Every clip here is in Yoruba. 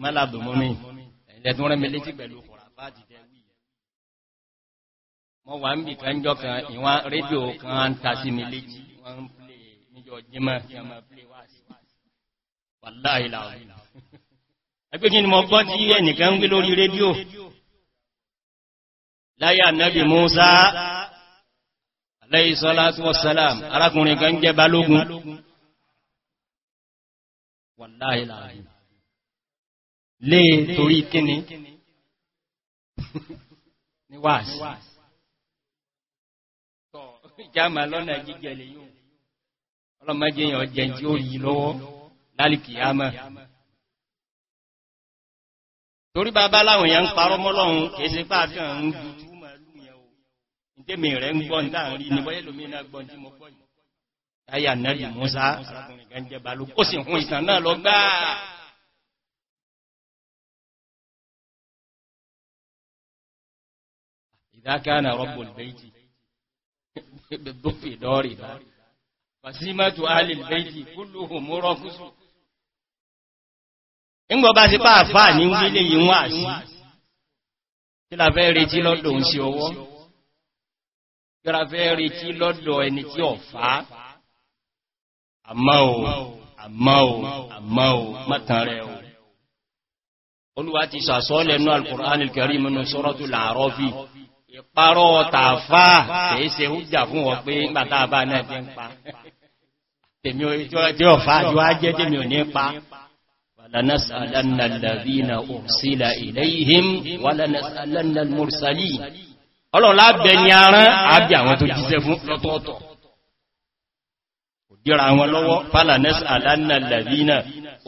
mọ́làbùmọ́mí ẹ̀lẹ́túnrẹ́ mi létí pẹ̀lú kòràbájì tẹ́wì mọ́ wà ń bì kan jọ kan ìwọ̀n rédíò kan ń ta sí mi létí wọ́n ń plé níjọ jímọ̀ kí a máa plé Musa alayhi salatu wassalam arákùnrin kan jẹ́ balógun wàláhì láàrín lé torí kíni ní wáàsí tọ́ ìjámà lọ́nà jíjẹ lè yóò ọlọ́mọdé yàn jẹ tí ó yí lọ́wọ́ lálìkì yámà torí bàbá láwọn èèyàn ń parọ́ mọ́lọ́run kìí sí pàákàn ń dúdú màálù yẹn o ìdémi rẹ̀ ń gbọ́n dáàrin ní bọ́yẹ̀ lómìnà gbọ́n tí mo gbọ́n ìdákàánà rọ́bùl bẹ́ẹ̀tì bẹ́ẹ̀bẹ́fì dọ́rì dọ́rì wàsímẹ́tù alìl bẹ́ẹ̀tì kúlù mọ́rọ̀ kúsù ìgbọ̀bá sí pàà fà ní wílé yíwá sí tí la fẹ́ retí lọ́dọ̀ ń se ọwọ́ tí la fẹ́ retí lọ́dọ̀ ẹni tí ọ fà àmọ́ ò àmọ́ ò ìparọ́ tààfà kìí ṣe hújà fún wọn pé gbàtà bá náà jẹ́ ń pa tèmi ojú ọ̀fà àjọ ajẹ́ tèmi ò ní pa lánàsàlánàlàbínà òsìlà ìlẹ́yìn wàlánàsàlánàlmùsàlì ọlọ́lá bẹni arán àbí àwọn tó jíṣẹ́ fún lọ́tọ̀ọ̀tọ̀ òdíra wọn lọ́wọ́ fàlánàsàlánàlàbínà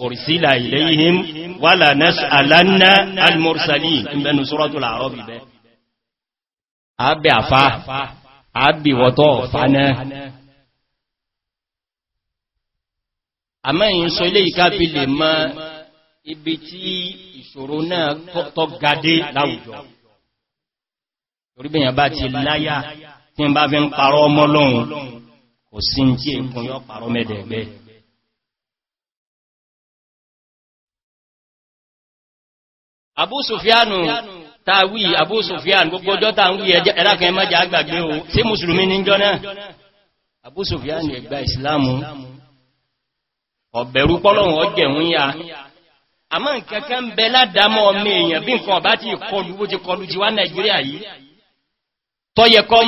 òsìlà ìlẹ́yìn wàlánàsàlánàlmùsàlì ìbẹnu sọ́rọ̀tọ̀ làárọ̀ bíbẹ̀ àábẹ̀ àfá àábìwọ̀tọ̀ fánà àmẹ́yìn sọ ilé ìkápi lè mọ́ ibi tí ìṣòro náà tọ́ gadé láwùjọ toríbìyàn bá ti láyá tí ń bá fi ń parọ́ ọmọ lọ́hun kò sí ń tí èkùn yọ parọ́ mẹ́dẹ̀ẹ̀gbẹ́ àbúsùfíánù táwí àbú sùfíàn gbogbo ọjọ́ tàà ń wí ẹlákan ẹmọ́jà àgbàgbé o sí musulmi ní jọ náà àbú sùfíàn ní ẹgbà ìsìláàmù ọ̀bẹ̀rú pọ́lọ̀wọ̀n ọjẹ̀wún ya a mọ́ nkankan bẹ ládámọ́ ọmọ èèyàn bí nkan ọ̀bá ti kọlu bó ti kọlu jí wá nàìjíríà yìí tọ́ kọ́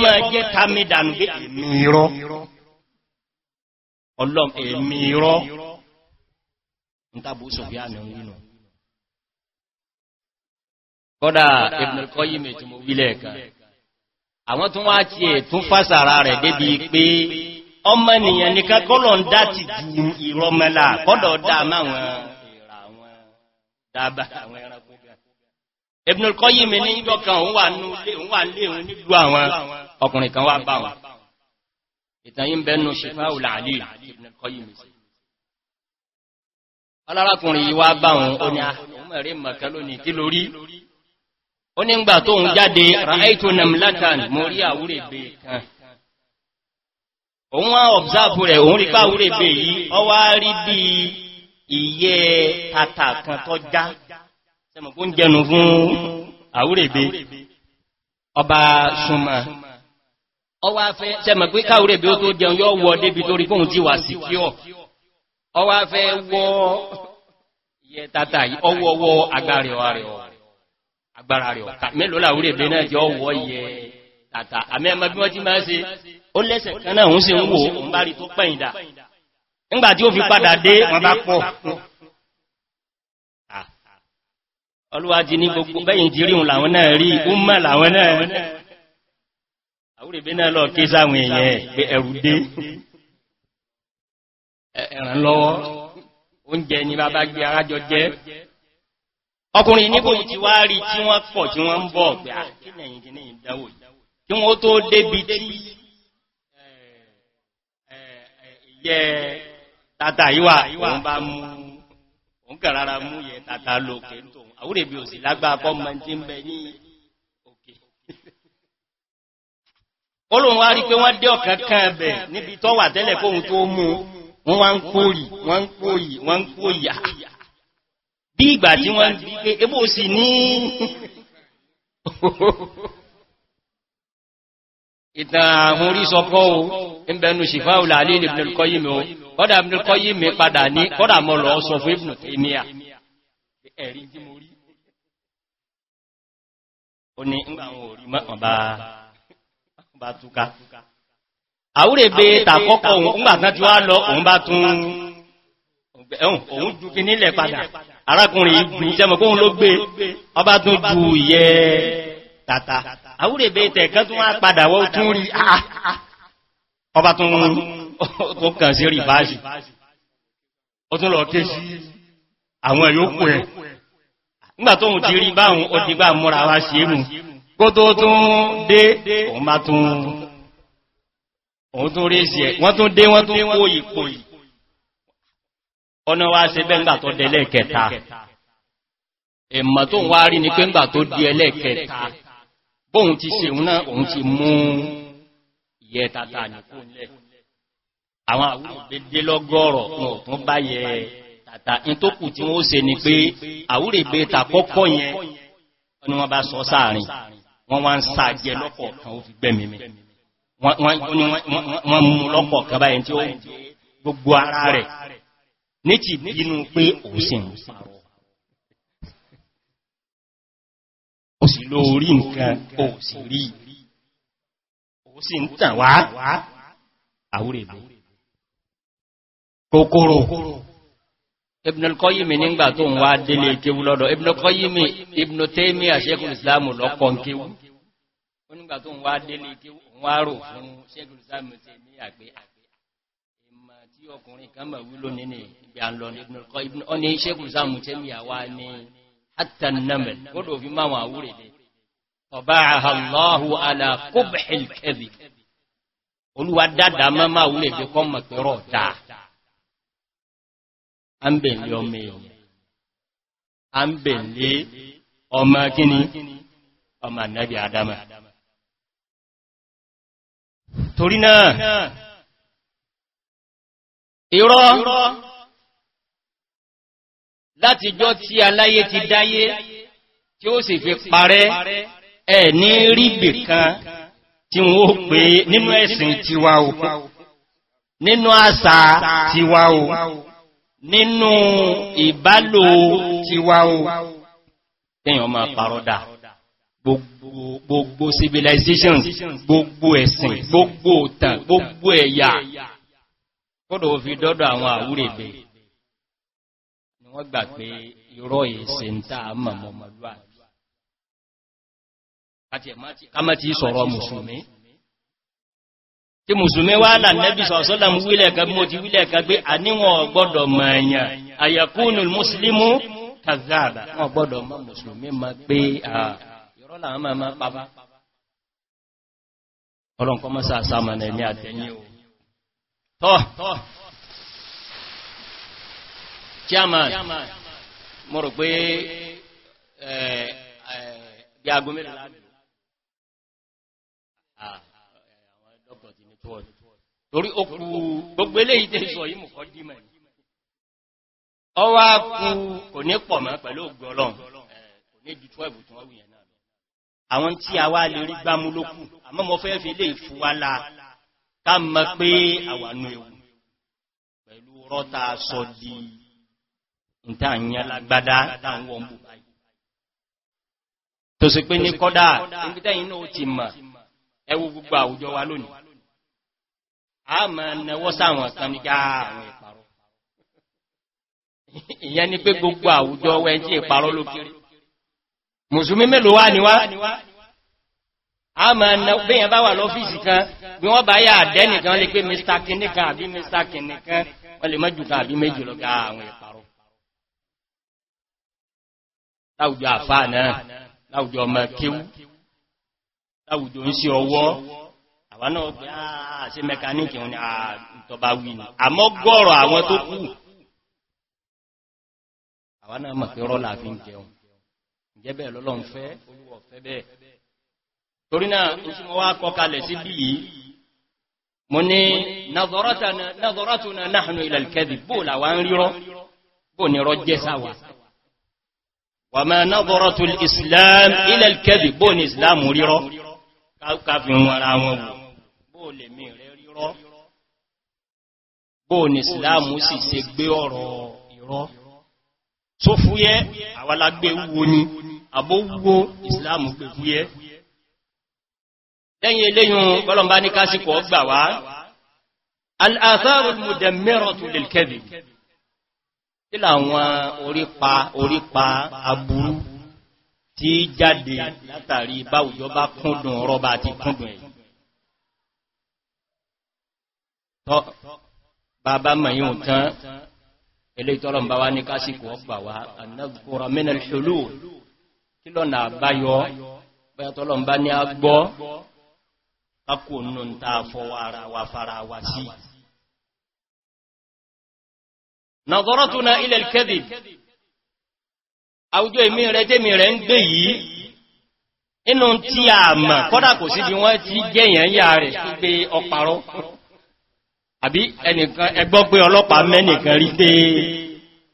kọ́dá Ibnul Qayyim tí mo wílẹ̀ kan àwọn tún wá tí è tún fásàrà rẹ̀ débi pé ọmọ nìyàn nìkan kọ́lọ̀ ń dá ti ju ìrọmọlá kọ́dọ̀ dá máwọn ìrà àwọn Ibnul Qayyim ní ìjọ kan òun wà lé òun nílùú àwọn ọkùnrin kan wá bá wọn ìtàn yí ń bẹnu Shifa'ul Alil Ibnul sí alárakùnrin yìí wá ó ní àwọn ah, mẹ́rin mọ̀kẹ́ lónìí kí lórí ó ní gbà tóun jáde ra'aitu namlatan mo rí àwúrẹ̀ bè kan òun wá ọ̀bzáàbù rẹ̀ òun rí pàwúrẹ̀ bè yìí ọ wá rí bí iye tata kan tọ́ já sẹ́mọ̀kún jẹnu fún àwúrẹ̀ bè ọba súnmọ́ ọwá fẹ́ sẹ́mọ̀ pé káwúrẹ̀ bí ó tó jẹun yọ́ wọ débi lórí kóhun ti wà sí kí ọ ọwá fẹ́ wọ́ iye tata yìí ọwọ́ ọwọ́ agbárẹ̀ ọ̀rẹ̀ ọ̀ agbára rẹ̀ ọ̀ta mélòó làwúrí èbè náà jọ wọ́ yẹ tàtà àmì ẹmọ bí wọ́n ti máa ṣe ó lẹ́sẹ̀ kan náà ń se ń wò ń bá rí tó pẹ̀yìndà ńgbà tí ó fi padà dé wọn bá pọ̀ ọlúwájí ní gbogbo bẹ́yìn ti ríhun làwọn náà rí umar làwọn náà àwúrẹ̀bẹ́ náà lọ ké sáwọn èèyàn pé ẹ̀rù dé ẹ̀ràn lọ́wọ́ oúnjẹ ni bàbá gbé arájọ jẹ́ ọkùnrin níbò ti wá rí tí wọ́n pọ̀ tí wọ́n ń bọ̀ ọ̀gbà ah, kí wọ́n tó débi tí eh, eh, eh, yẹ tata ìwà òun bá mú òun mú yẹ tata lókè tó àwúrẹ̀ bí òsì lágbà tí ń bẹ ní òkè wá kan ẹ̀bẹ̀ níbi tọ́wà tẹ́lẹ̀ kóhun tó mú wọ́n wá ń wọ́n bí ìgbà tí wọ́n gbé e, ebó sì ní ìtàn àwọn orí sọpọ̀ o ń bẹnu ṣìfá ìlàlẹ́ Ibn al-Qayyim o kọ́dà Ibn al-Qayyim padà ní kọ́dà mọ́ lọ sọ fún Ibn Taymiyyah ẹ̀rí tí mo rí ó ní ń gbàwọn orí mọ́ bá túká àwúrẹ̀ arákùnrin ìgbù sẹ́mọ̀kún ló gbé ọba tún ju ìyẹ tàtà àwúrẹ̀bẹ̀ tẹ̀kẹ́ tún wá padà wọ́n tún rí ah, ah, ah. ọba tún kàn sí rí báṣì ó tún lọ ké sí àwọn ẹ̀yókù ẹ̀ nígbà tó ti rí báhùn ó ti gbá múra wá sí èmù kó tó tún dé òun bá tún rí sí ẹ̀ wọ́n tún dé wọ́n tún kó ìpò ọ̀nà wá se bẹ́ngbà tó dẹ lẹ́ẹ̀kẹta ẹ̀mà tó ń wá rí ní pẹ́ngbà tó di ẹlẹ́ẹ̀kẹta bóhun ti seun náà òun ti mú ìyẹ tata nìkó lẹ́ àwọn àwúrẹ̀gbẹ́ lọ́gọ́rọ̀ wọn tún bá yẹ tata in tó kù tí wọ́n se ni pé àwúrẹ̀gbẹ́ takọ́kọ́ yẹn ni wọ́n bá sọ sáàrin wọ́n wá ń sàjẹ lọ́kọ̀ọ̀kan ó fi gbẹ̀mìmì wọ́n mú lọ́kọ̀ọ̀kan báyìí tí ó gbogbo ara rẹ̀ ní ti bínú pé òsìn òsì ló rí nǹkan òsì rí òsì ń tàn wá àwúrẹ̀bẹ̀ kòkòrò ibn al-qayyim nígbà tó ń wá délé kéwú lọ́dọ̀ ibn al-qayyim ibn taymi àṣẹ́kùn islamu lọ́kọ̀ kéwú nígbà tó ń wá délé kéwú wárò fún ṣẹ́kùn islamu taymi àgbé àgbé ah, ọkùnrin kan mọ̀ wúlò nínú ibi àlọ́ ìbìnkọ́ ìbìn ọ́ ní ṣékù sáàmù tẹ́mì àwá ní àtànàmẹ̀ kódò fi máa wà wúrè dé ọba àhàlọ́hù alákóbẹ̀ẹ́lkẹ́bì olúwa dáadáa máa máa wúrè dé kọ́ mọ̀ torí náà irọ́ látijọ́ tí aláyé ti dáyé tí ó sì fi parẹ́ ẹ̀ ní rígbè kan tí wọ́n pè nínú ẹ̀sìn tiwa o nínú àṣà tiwa o nínú ìbálò tiwa o tẹ́yàn máa parọ́dà gbogbo civilizations gbogbo ẹ̀sìn gbogbo òtàn gbogbo ẹ̀yà kódò fi dọ́dọ̀ àwọn àwúrẹ̀bẹ̀ ni wọ́n gbà pé irọ́ ìsẹ̀ ń tàà mọ̀mọ̀ mọ̀lúwà kama ti sọ̀rọ̀ musulmi tí musulmi wá là nẹ́bí sọ̀sọ́lám wílẹ̀ kan mọ́ ti wílẹ̀ kan pé a níwọ̀n gbọ́dọ̀ mọ̀ọ̀yàn àyàkúnù musulmi kàzáàbà wọ́n gbọ́dọ̀ mọ́ musulmi ma pé ìrọ́lá tọ́ chairman mo rò pé bí aago mẹ́rin láàrin àwọn dọ́kọ̀ ti ní tọ́ torí okù gbogbo eléyìí tẹ́ sọ yìí mú kọ́ dímẹ̀ ọwá kú kò ní pọ̀ mọ́ pẹ̀lú ògbò ọlọ́run kò ní ju 12 tí wọ́n náà àwọn tí a wá lè rí gbámú lókù àmọ́ mo fẹ́ fi lè fúwálá ká mọ̀ pé àwànú ewu pẹ̀lú rọ́ta sọ di ìtànyàlágbádá táwọn bù báyìí tó sì pé ní kọ́dá ìpítẹ́yìn náà ti mọ̀ ẹwú gbogbo àwùjọ wa lónìí a mọ̀ nẹwọ́ sáwọn kan ní ká àwọn ìparọ́ ìyẹn ni pé gbogbo àwùjọ wẹ́ tí ìparọ́ lókèrè mùsùlùmí mélòó wá níwá a mọ̀ nẹwọ́ bí yẹn bá wà lọ́fíìsì kan bí wọ́n bá yà àdẹ́ nìkan lè pé mr kìnnìkan àbí mr kìnnìkan wọ́n lè mọ́jú kan àbí méjì lọ gáà àwọn ìparọ́ láwùjọ àfà náà láwùjọ ọmọ kíw láwùjọ ń sí ọwọ́ àwa náà pé àṣẹ ah, mẹkaníkì òun ni ah, wí ni àmọ́ gọ́ọ̀rọ̀ àwọn tó kù àwa náà mọ̀ pé rọ́là fi ń jẹun ìjẹ́bẹ̀ lọ́lọ́ torí náà oṣù mọ́ kọkalẹ̀ sí bí yìí mo ní nàzọ́rọ́tùnà náhànú ilẹ̀ kẹ́dì bó làwà ń rírọ́ bó ní rọ́ jẹ́ sáwà wà máa nàzọ́rọ́tùn islam ilẹ̀ kẹ́dì bó ní islam rírọ́ káàkiri wọn ara bó lè mí rẹ̀ rírọ́ bó ní islam sì se gbé ọ̀rọ̀ ìrọ́ tó fúyẹ́ àwàlágbé wo ni àbówó islam gbé fúyẹ́ lẹ́yìn eléyìn bọ́lọ̀mbá ní kásìkò ọgbà wá al'atharul mudammiratu lil kadhib tí làwọn orípa orípa aburú tí jáde látàrí báwùjọ bá kúndùn ọ̀rọ̀ bá ti kúndùn ẹ̀ tọ́ bàbá mẹ́yìn tán ilé ìtọ́lọ̀mbá wá ní kákò nù ń ta fọwọ́ ara wa fara wa sí nàzọ́rọ́túnà ilẹ̀ kẹ́dì àwùjọ èmì rẹ̀ tẹ́mì rẹ̀ ń gbé yìí inú tí a mọ̀ kọ́dà kò sí bí wọ́n ti gẹ̀yàn yà rẹ̀ pé ọparọ́ àbí ẹgbọ́ pé ọlọ́pàá mẹ́nìkan rí pé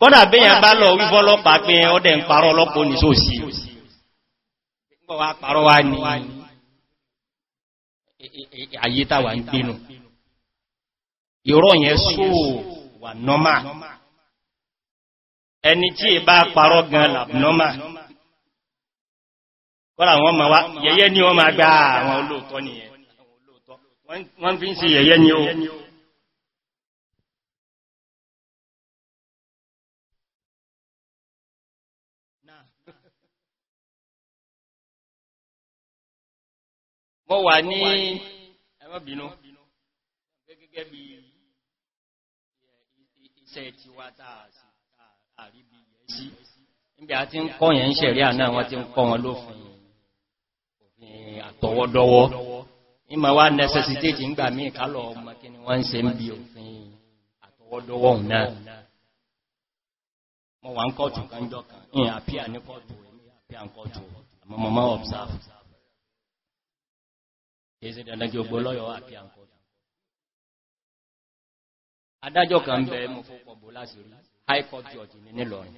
kọ́dà bẹ́yàn bá lọ wífọ́ ọlọ́pàá pé ọdẹ̀ ń parọ́ ọlọ́pàá oníṣòsí ayé tàwà ń gbínú ìrọ̀ yẹn sóò wà nọ́mà ẹni tí è bá parọ́ gan làbnọ́mà kọ́lá wọn ma wá yẹyẹ ni wọ́n ma gbá àwọn olóòtọ́ nìyẹn wọ́n fi ń sí yẹyẹ ni ó mo wà ní ẹmọ́bìnú gẹ́gẹ́ bí iṣẹ́ ti wá tààrí bí sí níbi a ti ń kọ́ yẹn ń ṣẹ̀rí àná wọ́n ti ń kọ́ wọn lófin àtọwọ́dọ́wọ́ ìmọ̀ wá necessitate ń míì kálọ̀ ọmọ kí ni wọ́n ń ṣe ń bí òfin àtọwọ́dọ́wọ́ náà mo wà ń kọ́ọ̀tù kan jọ kan ìyàn àpíà ní kọ́ọ̀tù àmọ́mọ́mọ́ observe èsì dandagi ogbó lọ́yọ̀ àti àǹkọ́ adájọ́ kan bẹ mọ̀ fọ́pọ̀ bó láti high court George ní nílọrin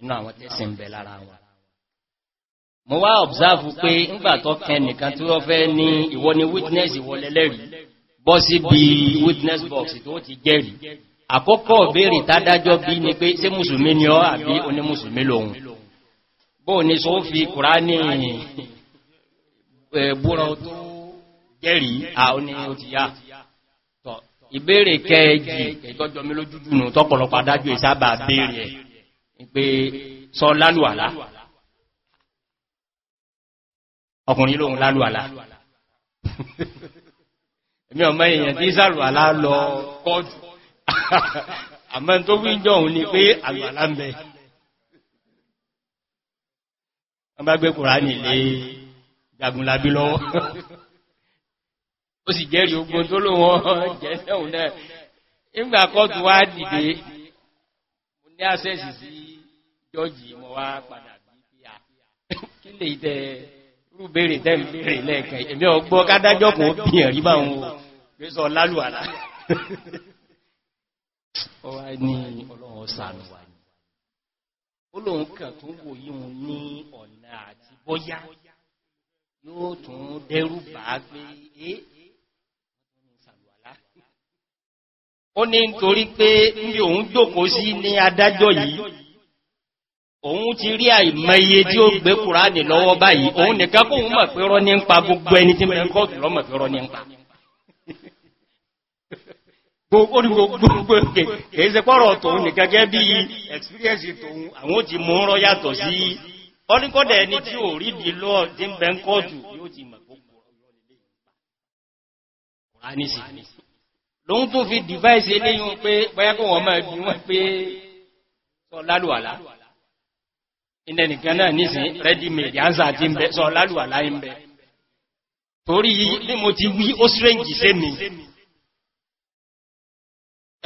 inú àwọn tẹ́sì ń bẹ lára wọn mo wá observe pé ńgbàtọ́ kẹn nìkan tí wọ́n ní ìwọ ni witness ìwọlẹ́lẹ́rìí bọ́ sí bí witness box tó ti jẹ́rìí àkọ́kọ́ ìbéèrè tádájọ́ bí ni pé ṣé mùsùlùmí ni ọ́ àbí onímùsùlùmí lòun bóò ni sọ fi kùránì búrọ tó jẹ́rìí àwọn ní ó ti yá tọ̀ ìbéèrè kẹjì ìtọ́jọ mi lójújú nù tọ́pọ̀lọpọ̀ adájú ìsábà béèrè ẹ̀ pé sọ lálùwàlá ọkùnrin lóhun lálùwàlá èmi ọmọ èèyàn tí sàlùwàlá lọ kọjù àmọ́ tó wíjọ òun ni pé àlùwàlá ń bẹ wọ́n bá gbé kùránì lé jagunlabi lọ́wọ́ ó sì jẹ́rì ogun tó ló wọ́n jẹ́ sẹ́hùn náà nígbà kọ́tù wá dìde mo ní àṣẹ́sì sí jọ́jì mọ́ wá padà bí i ah, kí lè tẹ rúbèrè tẹ́ bèèrè lẹ́ẹ̀kan èmi ọgbọ́ kádájọ́ kò bìyàn rí báwọn gbésọ lálùwàlá ó wá ní ọlọ́run sàánúwà ní ó lóun wọn ní ọ̀nà àti bóyá yóò tún dẹ́rù bá gbé é eh? ó ní nítorí pé ní òun jókòó sí ní adájọ́ yìí òun ti rí àìmọye tí ó gbé lọ́wọ́ báyìí òun nìkan òun mọ̀ pé gbogbo ẹni tí lọ́mọ̀ gbogbo ọ ní kọ́dẹ̀ ẹni tí ò rí di lọ́ọ̀ tí ń bẹ ń kọ́ọ̀tù yóò ti mọ̀ gbogbo lóhun tó fi dìváìsì eléyìn pé bọ́yákọ̀ wọ́n máa bí wọ́n pé sọ lálùwàlá ilẹ̀nìkan náà nísìn rẹ́dí mèdì ánsà ti ń bẹ sọ lálùwàlá ń bẹ torí ní mo ti wí ó sírẹ́ǹjì sé mi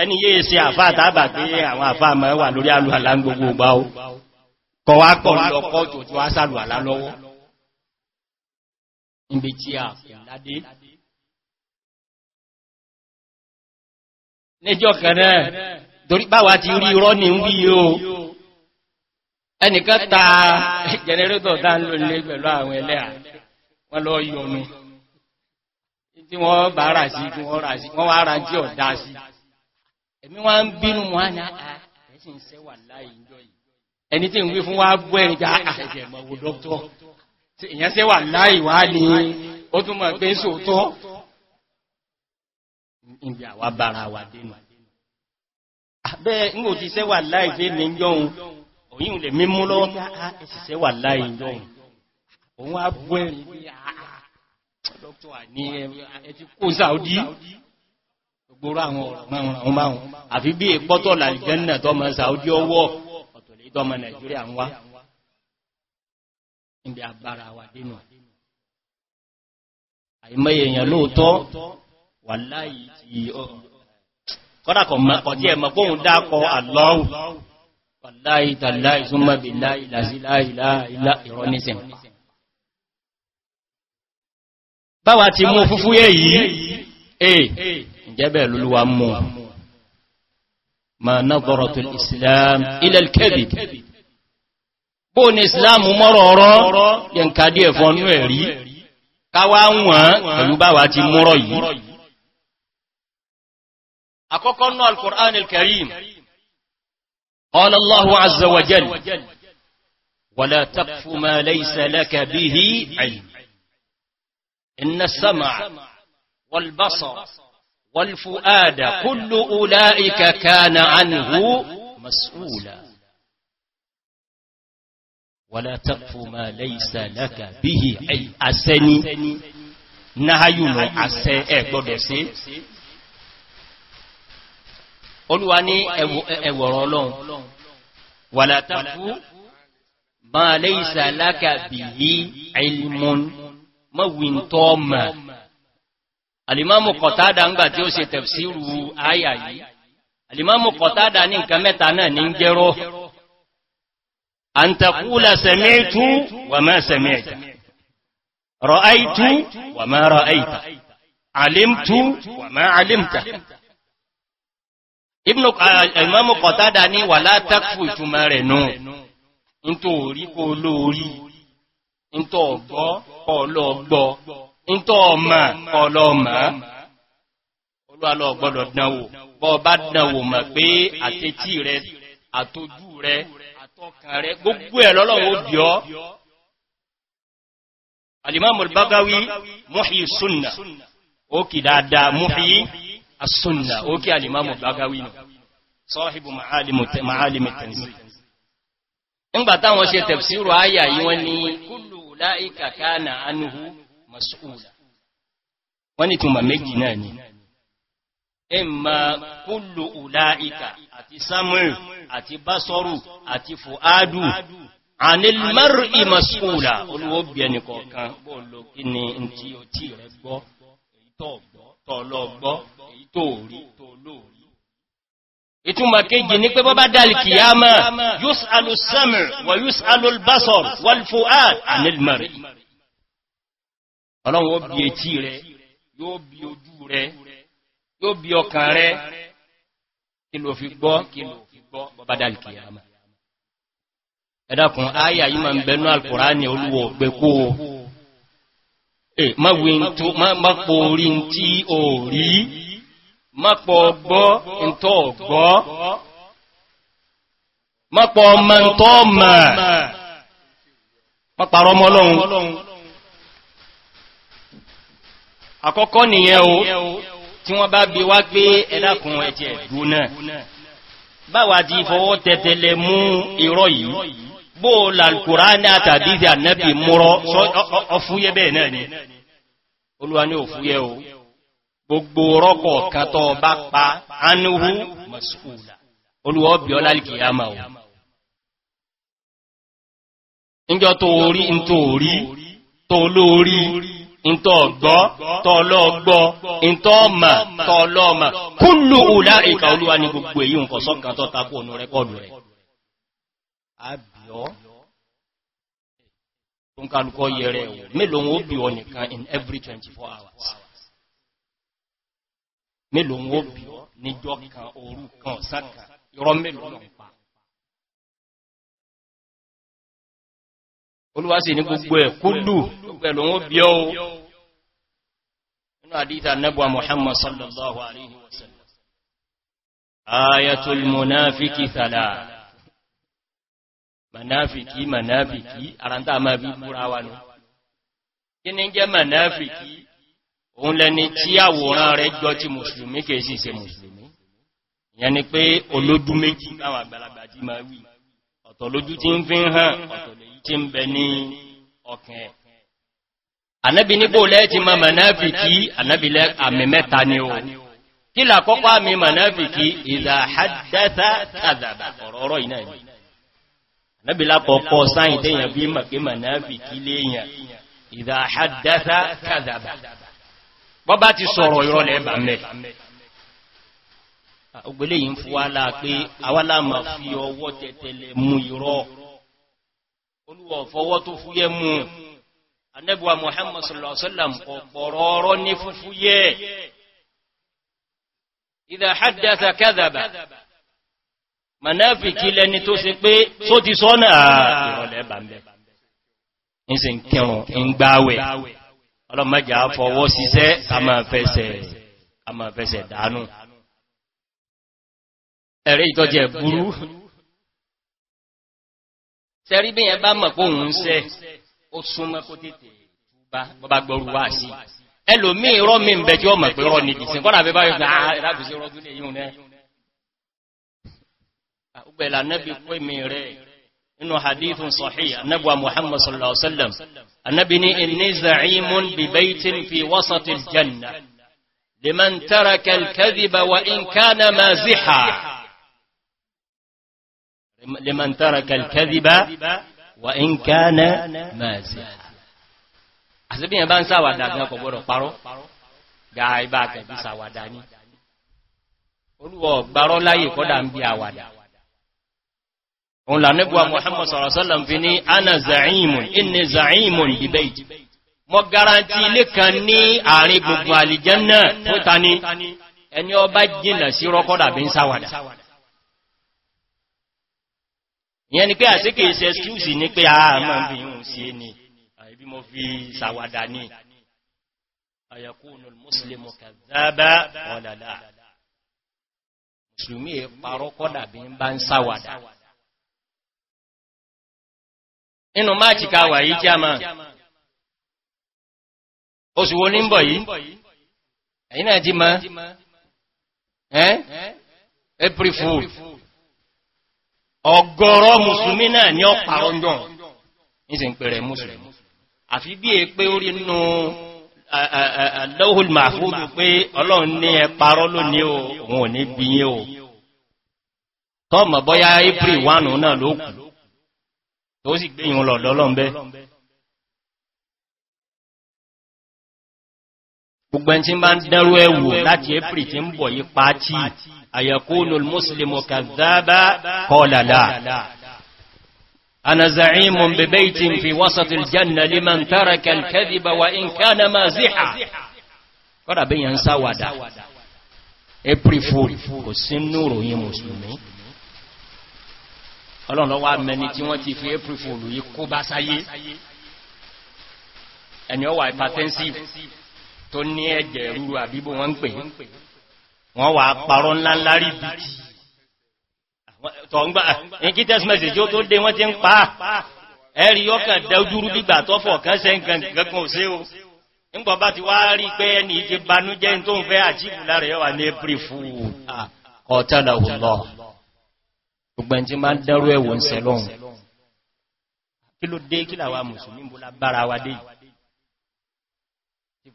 ẹni yéé se àfáà tábà pé àwọn àfáà máa wà lórí àlùwàlá gbogbo gbáwó kọ wá ọkọ jòjò asàlù àlá lọ́wọ́ níbi tí a níjọ́ kẹrẹ torí báwa ti rí rọ́ ní wí o ẹnìkan ta jẹnẹrétọ̀ dá lé pẹ̀lú àwọn ẹlẹ́à wọ́n lọ yọnu tí wọ́n bá rà sí tí wọ́n rà sí wọ́n wá jí ọ̀dá sí ẹ̀mí ẹni tí ń wí fún wá gbọ́ ẹni jà àjẹ̀mọ̀wò dọ́kítọ́ tí èyàn sẹ́ wà láì wá ní ó tún mọ̀ pé sóòtọ́ ìbí àwà bára ah, wà dénú àbẹ́ ìwò ti sẹ́ láì fẹ́ mi jọun òyìn lè mímú lọ́wọ́ ah, ah, ẹ̀sìsẹ́ wà láì jọun òun wá gbọ́ ẹni pé dọ́kítọ́ àní ẹ kó sáúdí gbogbo àwọn ọ̀rọ̀ àwọn àfi bí ìpọ́tọ̀ làlìjẹ́ náà tọ́mọ sáúdí ọwọ́ ìtọ́mọ nàìjíríà ń wá níbi agbára wà dínú àìmọ́ èèyàn lóòtọ́ wà láì ti kọ́dàkọ̀ tí ẹ̀mọ̀ kóhun dákọ̀ àlọ́wù wà láì tàláì súnmọ́ bí láì lásí láì láì ìrọ́nísìn ما نظرة الإسلام إلى الكذب بون إسلام مرارا ينكاد يفون ويري كواهوا فلوباواتي مرأي أكوكونا القرآن الكريم قال الله عز وجل ولا تقف ما ليس لك به علم إن السمع والبصر والفؤاد كل أولئك كان عنه مسؤولا ولا تقف ما ليس لك به علم أسني نهيون أسن أقبض سي olúwa ní ẹwọ̀rọ̀ lè ìsàlákà bí i ilmùn alìmọ́mù kọ̀tádà ń gbà tí ó se tẹ̀fsíru ayà yìí alìmọ́mù kọ̀tádà ní nǹkan mẹ́ta náà ní jẹ́rọ àǹtàkúlà sẹ̀mẹ́tú wà mẹ́ sẹ̀mẹ́ta rọ̀áìtú wà mẹ́ rọ̀áìta alimtu wà mẹ́ alimta ibnu alìmọ́mù kọ̀tádà ní wà látàkù ń tọ́ ọmọ ọlọ́mọ olúwàlọ́ ọ̀gbọ́dọ̀ dánwò bọ́ bá dánwò mọ̀ pé àtẹ́tí rẹ àtọ́jú rẹ àtọ́kàn rẹ gbogbo ẹ̀ lọ́lọ́wọ́ bí ọ́ alimamul bagawi muhi sunna ó kì dáadáa muhi asunna ó kì alimamul bagawi nù sọ́hìbù ma'álimi tẹ̀sí mas'ula wọ́n ni túnmà méjì náà ni imma kullu ulaika àti samuel àti basoru àti fuadu anil mar'i mas'ula olúwo bí ẹni kọ̀ọ̀kan bó lo kí ni n tí o tí rẹ gbọ́ èyí tó gbọ́ tó lọ gbọ́ èyí tó rí tó lóòrí ìtumà kéjì ní pé bọ́bá dálì kìyàmá yús alùsámù wà yús alùbásọ̀rù wàlfùáàd anil mar'i ọlọ́run ó bí etí rẹ yóò bí ojú rẹ yóò bí ọkàn rẹ kí ló fi gbọ́ kí ló fi gbọ́ bọ́bá dálìkì àmà ẹ̀dàkùn ayà yí ń bẹnú alkùnrà ní olúwọ̀ pé kó o e mọ́pọ̀ orí tí o rí mọ́pọ̀ ọgbọ́ ìntọ́ ọgbọ́ mọ́pọ̀ ọmọ ìntọ́ ọmọ mọ́pàrọ ọmọ ọlọ́run àkọ́kọ́ nìyẹn o tí wọ́n bá bí wá pé ẹ̀dàkùn ẹ̀jẹ̀ gbóná báwa di fọwọ́ tẹ̀tẹ̀lẹ̀ mú irọ́ yìí bó làlùkùrá ní àtàdíjì ànẹ́bì múrọ́ ọfúyẹ́ bẹ́ẹ̀ náà ni olúwa ní òfúyẹ́ o gbogbo rọ́kọ̀ kàtọ̀ bá ìntọ́ ọ̀gbọ́ tọ́ọ̀lọ́ọ̀gbọ́ ìntọ́ ọmọ tọ́ọ̀lọ́ọ̀mọ̀ kúlù òlá ìkà olúwa ní gbogbo èyí nǹkan sọ́kàn tọ́ takó ọ̀nà rẹ́kọ́ọ̀dù rẹ̀ àbíọ́ tó ń kálùkọ́ yẹrẹ ẹ̀ in every 24 hours mélòó ó bí ọ níjọ́ kan òru olúwa sì ní gbogbo ẹ̀ kúlù pẹ̀lú wọn bí ọ́ nínú àdíta nẹ́bùwa muhammad sallallahu alaihi wasallam ayatul munafiki thala manafiki manafiki aranta ma bí búra wa nù kí ní jẹ́ manafiki òun lẹni tí àwòrán rẹ̀ jọ ti mùsùlùmí kèsì se mùsùlùmí ìyẹn ni pé olójú méjì láwọn àgbàlagbà ma wí ọ̀tọ̀ ti ń fi hàn ọ̀tọ̀ tí ń bẹ ní ọkàn ẹ̀ ànábì níbò lẹ́ẹ̀tí ma mọ̀náfìkì ànábì àmì mẹ́ta ni o kí làkọ́kọ́ àmì mọ̀náfìkì ìzàhádẹ́ta kàzàbà ọ̀rọ̀ iná ẹ̀ ànábì lákọ̀ọ́kọ́ sáyìn tẹ́yàn bí mọ̀kí mọ̀náfìkì léèyàn ìzàhádẹ́ta kàzàbà yìí ń fún wa láà pé fi ọwọ́ tẹ̀tẹ̀lẹ̀ mú ìrọ̀ olúwa ọ̀fọwọ́ tó fúyẹ́ mú anẹ́bùwa Muhammad sallallahu alaihi wasallam ọ̀pọ̀rọ̀ ọ̀rọ̀ ní fúfúyẹ́ idha haddatha kadhaba manáfikí lẹni tó ṣe pé tó ti sọ́nà ìrọ̀lẹ́ bàmẹ́ ìsìn kírùn ún gbáwẹ̀ ọlọ́mọjà fọwọ́ síṣẹ́ ìtọ́jẹ̀ burú tẹ́rí bí ẹ bá mọ̀ kó ń sẹ́ ó súnmọ́ kó tètè bá gbọ́rù wá sí ẹlòmí rọ́ mi ń bẹ tí ó mọ̀ pé rọ́ ní ìdìsìn kọ́nà bí bá yóò gbà rábìsí rọ́jú lè yíò rẹ̀ ọgbẹ̀lá nẹ́bí pé mi rẹ̀ inú hadithun sọ̀hí annabuwa muhammad sallallahu alaihi wasallam annabi ni inni za'imun bi baitin fi wasatil janna liman taraka al-kadhiba wa in kana maziha لمن ترك الكذب وإن كان مازحا àṣíbí yẹn bá ń sáwàdà gan kò gbọ́dọ̀ parọ́ ga ibá àtẹ̀bí sàwàdà ní olúwọ̀ gbárọ́ láyé kọ́dà ń bí àwàdà òun lànẹ́bùwa mohamed sọ̀rọ̀sọ́lọ̀ fi ní ana za'imun inni za'imun debate mọ́ garanti ilé kan ní àárín gbogbo àlìjẹ́ náà tó ta ní ẹni ọba jìnà sí rọ́kọ́dà bí ń sáwàdà ìyẹn ni pé àsìkè ṣe excuse ni pé ah, a máa bí ìhùn sí ẹni àìbí mo fi ṣàwádà ní àyẹ̀kúnù mùsùlùmù kàzábà ọ̀làlà mùsùlùmí e parọ́ kọ́dà bí ń bá ń ṣàwádà nínú máàkì ká wà yìí jámà oṣù wo ní ń bọ̀ yìí ẹ̀yìn náà jí ma ẹ́ april fool ọgọ́rọ̀ musulmi náà ní ọpa ọjọ́ ìsìn ń pèrè musulmi àfi bí i pé orí nínú lọ́hùl mahfudu pé ọlọ́run ní ẹparọ́ lónìí o òun ò ní bí yí o tọ́mọ̀ bọ́yá april 1 náà ló kù tó sì gbé ìhun lọ̀lọ́lọ́n bẹ́ gbogbo ẹni tí ń bá ń dẹ́rú ẹ̀wò láti april tí ń bọ̀ yí pa أيكون المسلم كذابا قال لا أنا زعيم ببيت في وسط الجنة لمن ترك الكذب وإن كان مازحا kọ́dà bí yẹn ń sáwàdà april fool kò sí núrò yí mùsùlùmí ọlọ́lọ́wà mẹni tí wọ́n ti fi april fool yí kó bá sáyé ẹni ọwà hypertensive tó ní ẹ̀jẹ̀ rúrú àbíbò wọ́n ń pè wọ́n wà parọ́ ńlá lárí bí tọ̀ǹgbà ẹ̀kí test message ó tó dé wọ́n pa ẹ̀rí ọkàn dẹjúrú dìgbà tọ́fọ̀ kan sẹ́ nǹkan kan ṣe o ńgbọ̀ bá ti wá rí pé ẹni ti banújẹ́ tó ń fẹ́ àjíkù lára yọ́wà ní april fúù ọ̀tẹ́lẹ̀ òlọ́ tí máa ń ẹ̀wọ̀n sẹ́lọ́hun kí ló dé kí làwà mùsùlùmí bó lágbára wa dé yìí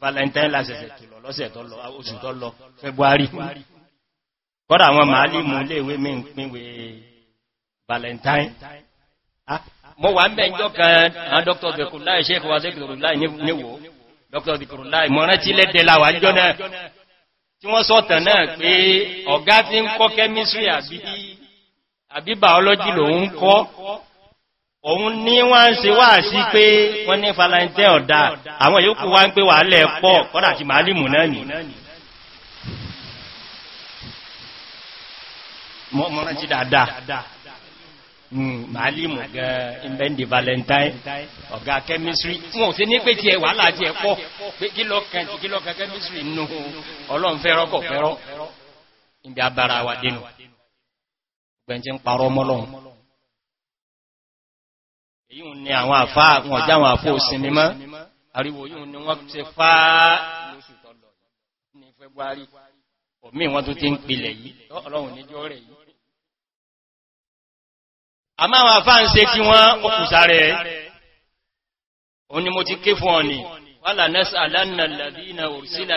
valentine lásẹsẹ̀ kìlọ̀ lọ́sẹ̀ tó lọ oṣù tó lọ february kọ́dà àwọn màálì mú léèwé mi ń pínwé valentine mọ́ wà ń bẹ́ ìjọ kan àwọn dr zekulai sheikh wa zekulai níwò dr zekulai mọ̀rántí lẹ́dẹ̀ láwà jọ náà tí wọ́n sọ́tàn náà pé ọ̀gá tí ń kọ́ chemistry àbí biology lòun kọ́ òun ní wọ́n ń se wá sí pé wọ́n ní falantẹ́ ọ̀dá àwọn yóò kú wá ń pé wà lẹ́ pọ̀ kọ́dà ti máa náà nì mọ́rán ti dáadáa máa hmm, gan inbendi valentine ọ̀gá chemistry wọn ò sí ní pé tí ẹ wà láti ẹ pọ̀ pé kí chemistry nù ọlọ́run fẹ́rọ́ kọ̀ fẹ́rọ́ ibi abára wa dénú gbẹ̀ntí parọ́ mọ́lọ́run èyí ń ní àwọn àfá àwọn ọjá àwọn àfó sinimá ariwo yíò ní wọ́n ti fá lóṣù tọ́lọ̀ ní february omi wọ́n tó ti ń pilẹ̀ yìí ọlọ́run níjọ́ rẹ̀ yìí a máa wà fá ń se tí wọ́n òkùsà rẹ̀ o ni mo ti ké fún ọ ni wàlà nẹ́sàlánà làbínà òsílà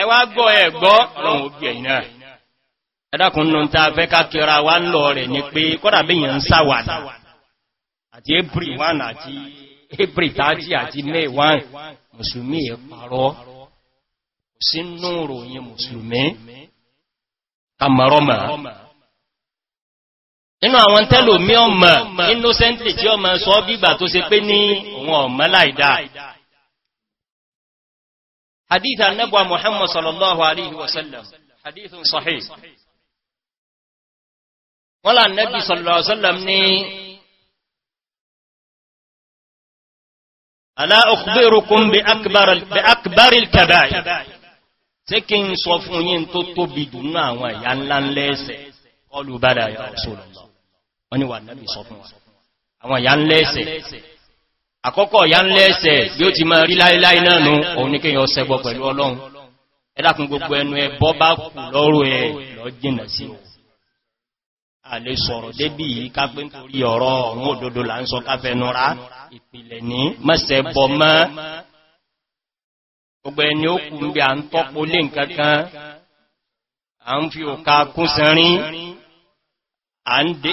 ẹwà gbọ́ ẹ̀gbọ́ ọlọ́run òbí ẹ̀yìn náà ẹ̀dàkùn nù ta fẹ́ wá ń lọ rẹ̀ ní pé kọ́dà bí yẹn ń sáwàdà àti april 1 àti april 30 àti may 1 musulmi ẹ̀pàrọ sínú ròyìn musulmi kamarọ́mà inú àwọn tẹ́lò mí ọmọ sọ bígbà tó se pé ní حديث النبوة محمد صلى الله عليه وسلم حديث صحيح ولا النبي صلى الله عليه وسلم ني ألا أخبركم بأكبر, بأكبر الكبائر سكين صفوين تطبي دنا ويعلن ليس قالوا بلى يا رسول الله ونوى النبي صفوين ويعلن ليس àkọ́kọ́ ya ń lẹ́ẹ̀ṣẹ̀ bí ó ti máa rí láíláí náà nú òun ní kíyàn ọ̀sẹ̀gbọ́ pẹ̀lú ọlọ́run ẹlákùn gbogbo ẹnu ẹbọ́ bá kù lọ́rọ̀ ẹ lọ jìnà sí a lè sọ̀rọ̀ débì yìí ká nítorí ọ̀rọ̀ ọ̀run là ń sọ káfẹnura ìpìlẹ̀ ní mọ́sẹ̀bọ mọ́ gbogbo ẹni ó kù ń bí a ń lé nǹkan kan a ń fi òka kún sẹ́rin à ń dé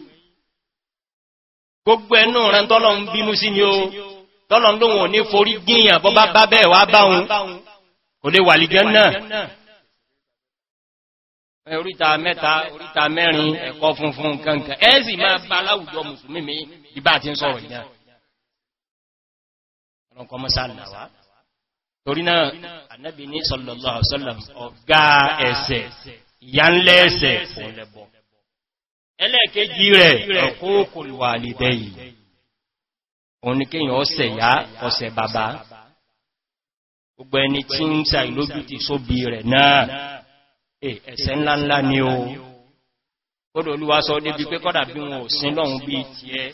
gbogbo ẹnu ràn tọ́lọ̀ ń bínú sí ni ó tọ́lọ̀ ń lóhun ní forí gíyàn bọ́ bá bá bẹ́ẹ̀ wá báhun kò lè wà lìgẹ́ náà oríta mẹ́ta oríta mẹ́rin ẹ̀kọ́ funfun kankan ẹ́ẹ̀sì máa bá aláwùjọ mùsùlùmí mi ibá ti ń sọ̀rọ̀ ìyá ọlọ́nkọ́ ẹlẹ́ẹ̀kejì rẹ̀ ọkóòkò wà lìdẹ̀ yìí òun ni kíyàn ọ̀sẹ̀ yá ọ̀sẹ̀ bàbá gbogbo ẹni tí ń sa ìlójú ti sóbi rẹ̀ náà ẹ̀ẹ̀sẹ̀ ńláńlá ni o kódò olúwa sọ débi pé kọ́dà bí wọn ò sín lọ́hun bí ti ẹ́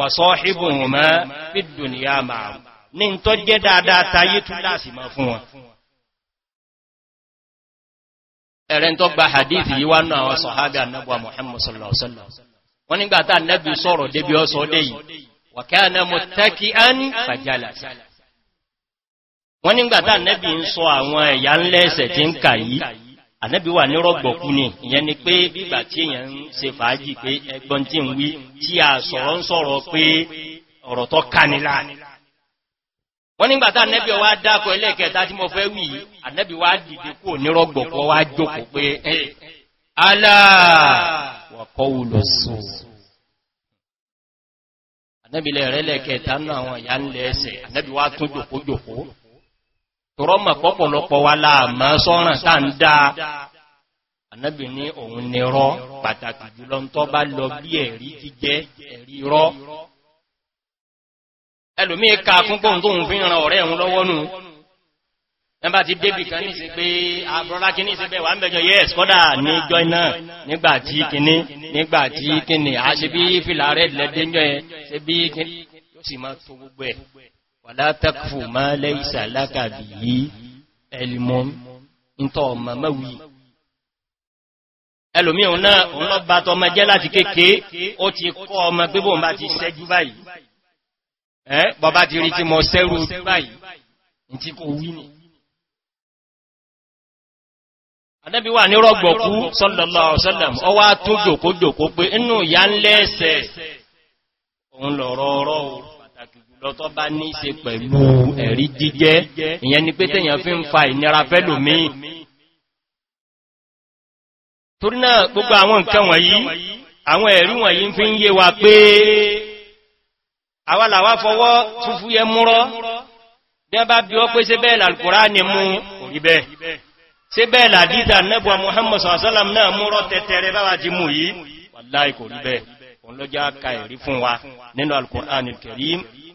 wàsọ́ ìbùn mọ́ bí dùnìyà máa ní ń tọ́jẹ́ dáadáa tayé túláàsì mọ́ fún wọn ẹ̀rẹ́n tó gba hadithi yíwá náà àwọn sọ̀hábí annabuwa muhammad sallallahu alaihi wasallam wọ́n nígbàtà annabi sọ̀rọ̀ débi ọ́sọ̀ dé yìí wàkẹ́ẹ̀nà mọ̀tẹ́kì án fàjálà wọ́n nígbàtà annabi ń sọ àwọn ẹ̀yà ńlẹ́ẹ̀sẹ̀ tí ń kà yìí annabi wà ní rọ̀gbọ̀kú ni ìyẹn ni pé bígbà tí èèyàn ń se fàájì pé ẹgbọ́n tí ń wí tí a sọ̀rọ̀ ń sọ̀rọ̀ pé ọ̀rọ̀ tó kanilá wọ́n nígbà tá ànẹ́bí ọwá dákọ̀ ẹlẹ́ẹ̀kẹta tí mo fẹ́ wí ànẹ́bí wá dìde kú onírọ̀gbọ̀kọ́ wá jókòó pé aláàwọ̀kọ́wùlọ̀sùn ànẹ́bílẹ̀ rẹ̀ lẹ́ẹ̀kẹta náà àwọn ìyá ń lẹ ẹsẹ̀ ànẹ́bí wá tún jòkó jòkó tọrọmọ̀ pọ̀pọ̀lọpọ̀ wá láàmà sọ́ràn tá ń dá ànẹ́bí ní òun nírọ́ pàtàkì jùlọ ń tọ́ bá lọ bí ẹ̀rí jíjẹ́ ẹ̀rí rọ́ ẹlòmí ká fún pòun tó ń fi ràn ọ̀rẹ́ ẹ̀hún lọ́wọ́ nù ẹmbà ti débì kan ní sí pé àbúrọ́lá ah, kìíní sí bẹ̀wà ń bẹ̀jọ yes kọ́dà níjọ́ náà nígbàtí kìíní nígbàtí kìíní a ṣe bí fìlà rẹ̀ lẹ́dẹ́jọ́ ẹ ṣe bí kìíní yóò òun náà òun lọ́ bá tọmọ jẹ́ láti kéèké ó ti kọ́ ọmọ gbébòmọ́ ti ṣẹ́jú báyìí ẹ́ bọ̀bá ti rí tí mọ̀ sẹ́rù báyìí tí kò wí ní adẹ́bí wà ní rọ̀gbọ̀kú sọ́lọ̀lọ́ ọ̀sọ́lọ̀m ọ wá tún jòkó jòkó pé inú ìyá ń lẹ́ẹ̀sẹ̀ òun lọ̀rọ̀ ọ̀rọ̀ pàtàkì jùlọ tó bá ní ṣe pẹ̀lú ẹ̀rí jíjẹ́ ìyẹn ni pé tẹ́yàn fi ń fa ìnira fẹ́lòmí torí náà gbogbo àwọn nǹkan wọ̀nyí àwọn ẹ̀rí wọ̀nyí fi ń yé wa pé àwa làwá fọwọ́ fúfú yẹ múrọ́ bí a bá bí ọ pé ṣe bẹ́ẹ̀ làlùkùrá ní mú orí bẹ́ẹ̀ ṣe bẹ́ẹ̀ làdíta nẹ́bùwa muhammad sọ̀sọ́làm náà múrọ́ tẹ́tẹ́rẹ báwa ti mú yìí wàláì kò rí bẹ́ẹ̀ òun lọ́jọ́ aka ẹ̀rí fún wa nínú alùkùrá ní kẹrí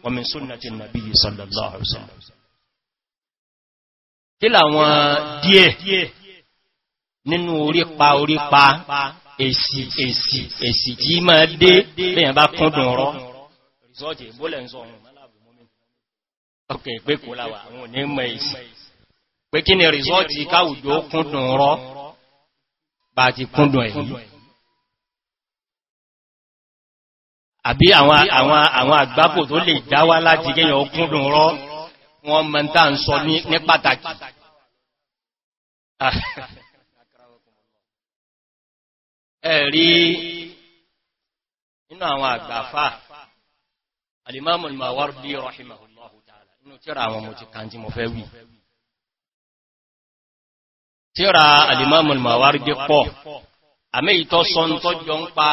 wọmin súnà ti nàbí yìí sọ̀lọ̀lọ́ èsì èsì èsì jí máa dé lèyàn bá kúndùn ṣọ́ọ̀ṣì ìbólẹ̀ ń sọ ohun ọkẹ̀ pé kò láwà àwọn òní mọ̀ èsì pé kí ni rìsọ́ọ̀tì káwùjọ kúndùn rọ́ bá ti kúndùn ẹ̀yìn àbí àwọn àgbápò tó lè dáwà láti kéyàn kúndùn rọ́ wọn mẹ́ta ń sọ ní pàtàkì ẹ̀rí inú àwọn àgbàfáà الإمام الماوردي رحمه الله تعالى إنه ترى ومتكانت مفاوي ترى الإمام الماوردي قو أما يتوصن تجون قا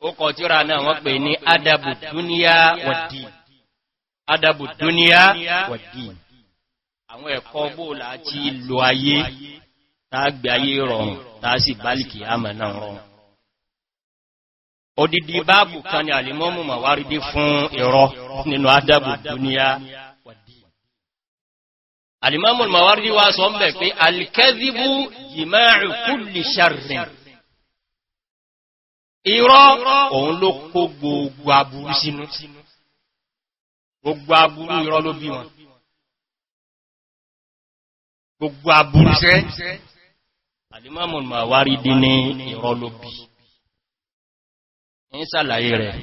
وقو ترى نوقبني أدب الدنيا والدين أدب الدنيا والدين àwọn ẹ̀kọ́ bóòlà ti lò ayé tàgbé ayé rọrùn tàà sì bálìkì àmà náà rọrùn odidi báàbù kan ni alìmọ́mù màwárídí fún ìrọ nínú adábù dúníà alìmọ́mù màwárídí wá sọ mẹ́ pé alìkẹ́zíbú jìmáàrì kúlì ṣàrìn ìrọ òun ló kó gbogbo aburú sínú gbogbo aburú ìrọ ló bí wọn gbogbo aburú sẹ́ alìmọ́mù màwárídí ní ìrọ ló bí wọn ń sàlàyé rẹ̀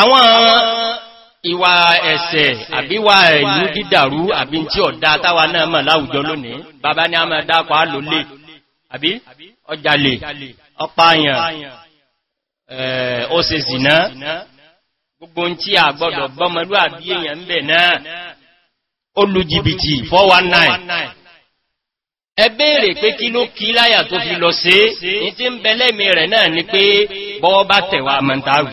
àwọn ìwà ẹ̀sẹ̀ àbíwà ẹ̀yú dídàrú àbí tí ọ̀dá táwà náà mọ̀ láwùjọ lónìí bàbá ní a mọ̀ dákọ̀ alólè àbí ọjàlè ọpáyàn eh, ó se zìná gbogbo ń tí a gbọ́dọ̀ àbí èèyàn ń bẹ̀ náà 419 ẹ béèrè pé kí ló kí láyà tó fi lọ sí ní tí ń bẹlẹ́mì rẹ̀ náà ni pé bọ́wọ́ bá tẹ̀wà mọ̀ntàrù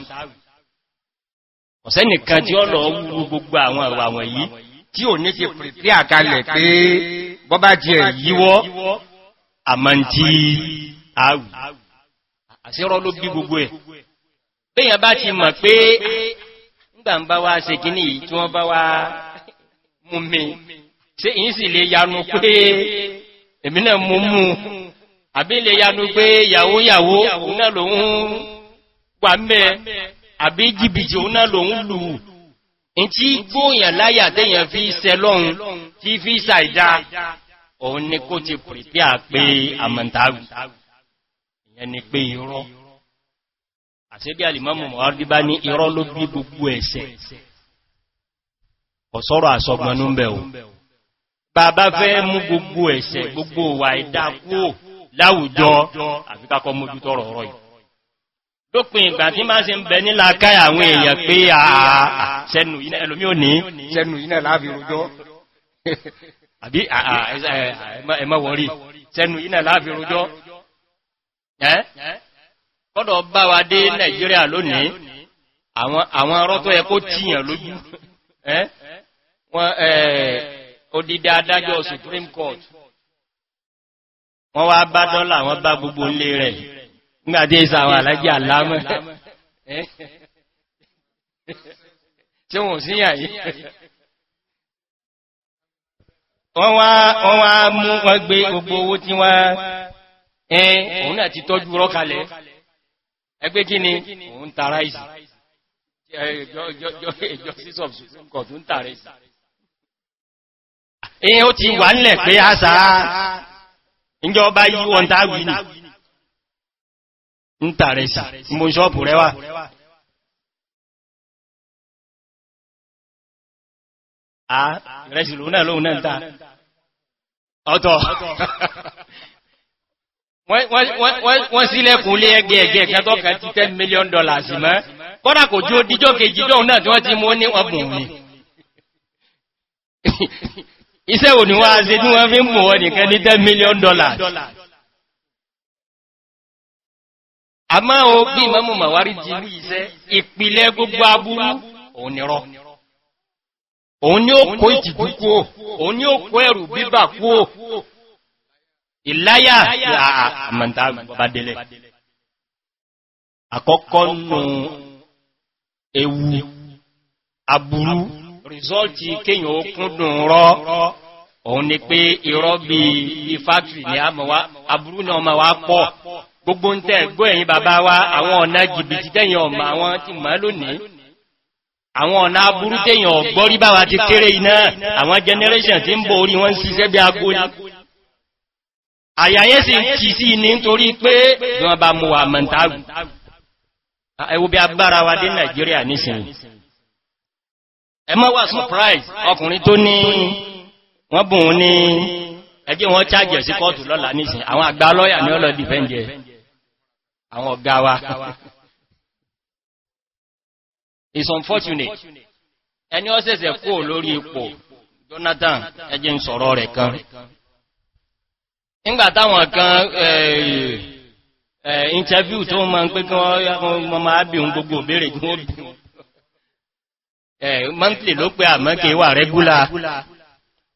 ọ̀sẹ́ nìkan tí ó lọ wúrú gbogbo àwọn àwà wọ̀nyí tí ò ní ti pèpè àkalẹ̀ pé bọ́bá jẹ́ yíwọ́ àmọ́ntí àrù àṣírọ́ èmi náà mú mú àbí lè yanu pé yàwó yàwó òun náà lòun wà mẹ́ àbí jìbìjì òun náà lòun lù in tí gbóòyàn láyà tẹ́yàn fi ṣẹ lọ́hun tí fi ṣàìdá òun ni kó ti pìrìpíà pé àmọ̀ntàwì ìyẹn ni pé irọ́ àṣẹ́bí alìmọ́mù mọ̀wárdíbá ní irọ́ ló bí gbogbo ẹ̀ṣẹ̀ ọ̀sọ́rọ̀ àṣọgbọnú bẹ̀rù bàbá fẹ́ mú gbogbo ẹ̀ṣẹ̀ gbogbo wà ìdákó láwùjọ àfikakọ mójú tọrọ ọ̀rọ̀ yìí lópin ìgbà tí máa ṣe ń bẹ nílá káyà àwọn èèyàn pé àṣẹnù iná ẹlòmí ò ní ṣẹnù iná láàbí rojọ́ àbí ẹmọ́wọ̀rí ṣẹnù iná láàbí rojọ́ ẹ́ kọ́dọ̀ bá wa dé nàìjíríà lónìí àwọn rọ́tọ́ ẹ kó tíyàn lójú ẹ́ wọ́n odidi adájọ́ supreme court wọ́n wá bá dọ́là wọ́n bá gbogbo ilé rẹ̀ nígbàtí ìsàwọn alájí àlámọ́ tí wọ́n sí àyí wọ́n wá mú wọ́n gbé gbogbo owó tí wọ́n ẹn òun náà ti tọ́jú rọ́kalẹ̀ ẹgbẹ́ kí ni òun tàrà ìsì ìjọ sísọ̀ supreme court ń tàrà ìsì èyí ó ti wà nílẹ̀ pé a sàá ìjọba yí wọn dáwì ní ń tààrẹ sí mú ṣọ́pù rẹ a rẹ̀sìlú náà lóhun náà ta ọ̀tọ̀ wọ́n sílẹ̀kùn lé ẹgbẹ̀ ẹgbẹ̀ kẹtọ́kẹ ti 10 million dollars mọ́ kọ́nà kò jú díjọ́ kejì lóhun náà tí wọ́n ti mú ní ọgbùn mi iṣẹ́ òní wá ṣe tí wọ́n fi ń mú wọn nìkan ní 10 million dollars a máa o bí ìmọ́mù màwárí jí rí iṣẹ́ ìpìlẹ̀ gbogbo agbúrú òun ni rọ òun ni ó kó ìtìjú kúò òun ni ó kó ẹrù bíbà kúò ìláyà àmàntà bàdẹ̀lẹ̀ àkọ́kọ́ nù ewu aburú rìsọ́ọ̀tì kéyàn ó kúndùn rọ́ òun ni pé irọ́ bí i fáktì ní àbúrú náà ma wá pọ̀ gbogbo ń tẹ́ gbọ́ ẹ̀yìn bàbá wa àwọn ọ̀nà jìbìtì tẹ́yìn ọmọ àwọn ti mọ́ lónìí àwọn ọ̀nà aburú tẹ́yìn ọ̀gbọ́rí bá wa ti kéré iná àwọn generation ti ń bò orí wọn síṣẹ́ bí agbó ní àyàyẹ́ sì kì sí ní nítorí pé wọ́n bá mú wa mọ̀ntàgùn ẹwú bí agbára wa dé nàìjíríà nísìnyí ẹ má wà surprise ọkùnrin tó ní wọ́n bùn ní ẹjẹ́ wọ́n chájẹ̀ sí kọ́ọ̀tù lọ́la nísìn àwọn àgbà lọ́yà ní ọlọ́ dìfẹ́ǹjẹ́ àwọn ọ̀gá wa it's unfortunate ẹni ó sẹ̀sẹ̀ kó lórí ipò jonathan ẹjẹ́ ń sọ̀rọ̀ rẹ̀ kan nígbà táwọn kan interview tó máa ń pé kí wọ́n máa bí gbogbo òbèrè gbogbo ẹ̀ mọ́ntìlì ló pé àmọ́kè wà rẹ́gúlà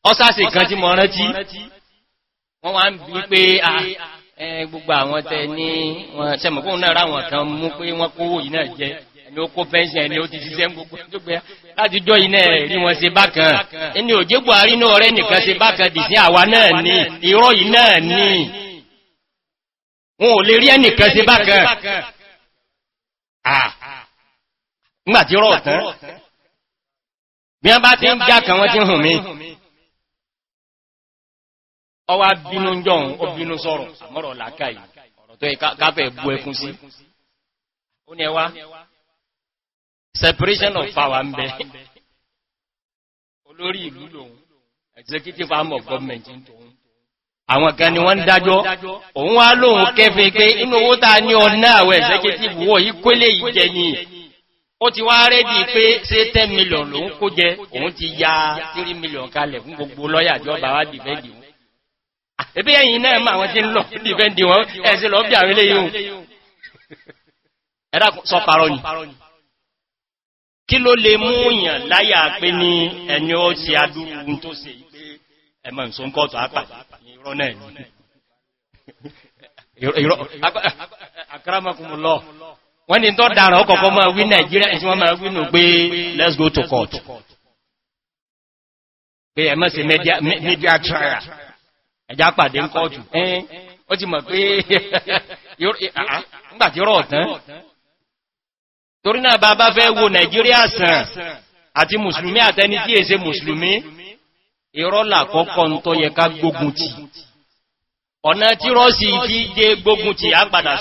ọ́sàsì kan tí mọ́ rántí wọ́n wá ń bí pé gbogbo àwọn tẹ ní wọn sẹ́mọ̀kún náà ráwọn kan mú pé wọ́n kówó yìí náà jẹ ẹni ó kó pẹ́ńṣẹ̀ ẹni ó ti ṣiṣẹ́ gbogbo láti jọ iná rí wọn se bákan ẹni òjé buhari náà nígbàtí rọ̀ tán bí wọ́n bá ti ń já kan wọ́n ti hùn mí ọwá bínú jọun ó bínú sọ́rọ̀ àmọ́rọ̀ làákà yìí ọ̀rọ̀ tó káfẹ́ bú ẹkún sí ó ní ẹwà separation of power ń bẹ olórí ìlú lòun executive arm of government ń tòun àwọn kan ni wọ́n ń dájọ́ òun wá lóhun kẹfẹ́ pé inú owó tàà ní ọ̀nà àwẹ̀ executive wọ́ yí kólé ìjẹyìn ó ti wá rẹ́dì pé ṣé ten million ló ń kó jẹ òun ti ya three million kalẹ̀ fún gbogbo lọ́yà jọ bàbá dìbẹ́ndì wọn ebi ẹ̀yìn náà mà wọ́n ti ń lọ dìbẹ́ndì wọn ẹ̀sẹ̀ lọ bí àwọn eléyìí hùn ẹ̀dá sọ parọ́ ni kí ló lè mú yàn láyà pé ní ẹni ó ṣe adúrú tó ṣe pé ẹ̀mọ̀ ìsọ́nkọ́tù apà irọ́ náà ni akáramakumulọ́ọ̀ wọ́n ni tó dára ọkọ̀kọ́ máa wí nàìjíríà tí wọ́n let's go to court pé ẹ̀mọ́ media trial ẹjá pàdé ń kọ́ọ̀tù ẹ́n ó ti mọ̀ ah nígbàtí rọ̀ tán torí náà bá wo ati sàn ati mùsùlùmí àtẹni se èsẹ mùsùlùmí la kọ́kọ́ ti ọ̀nà ti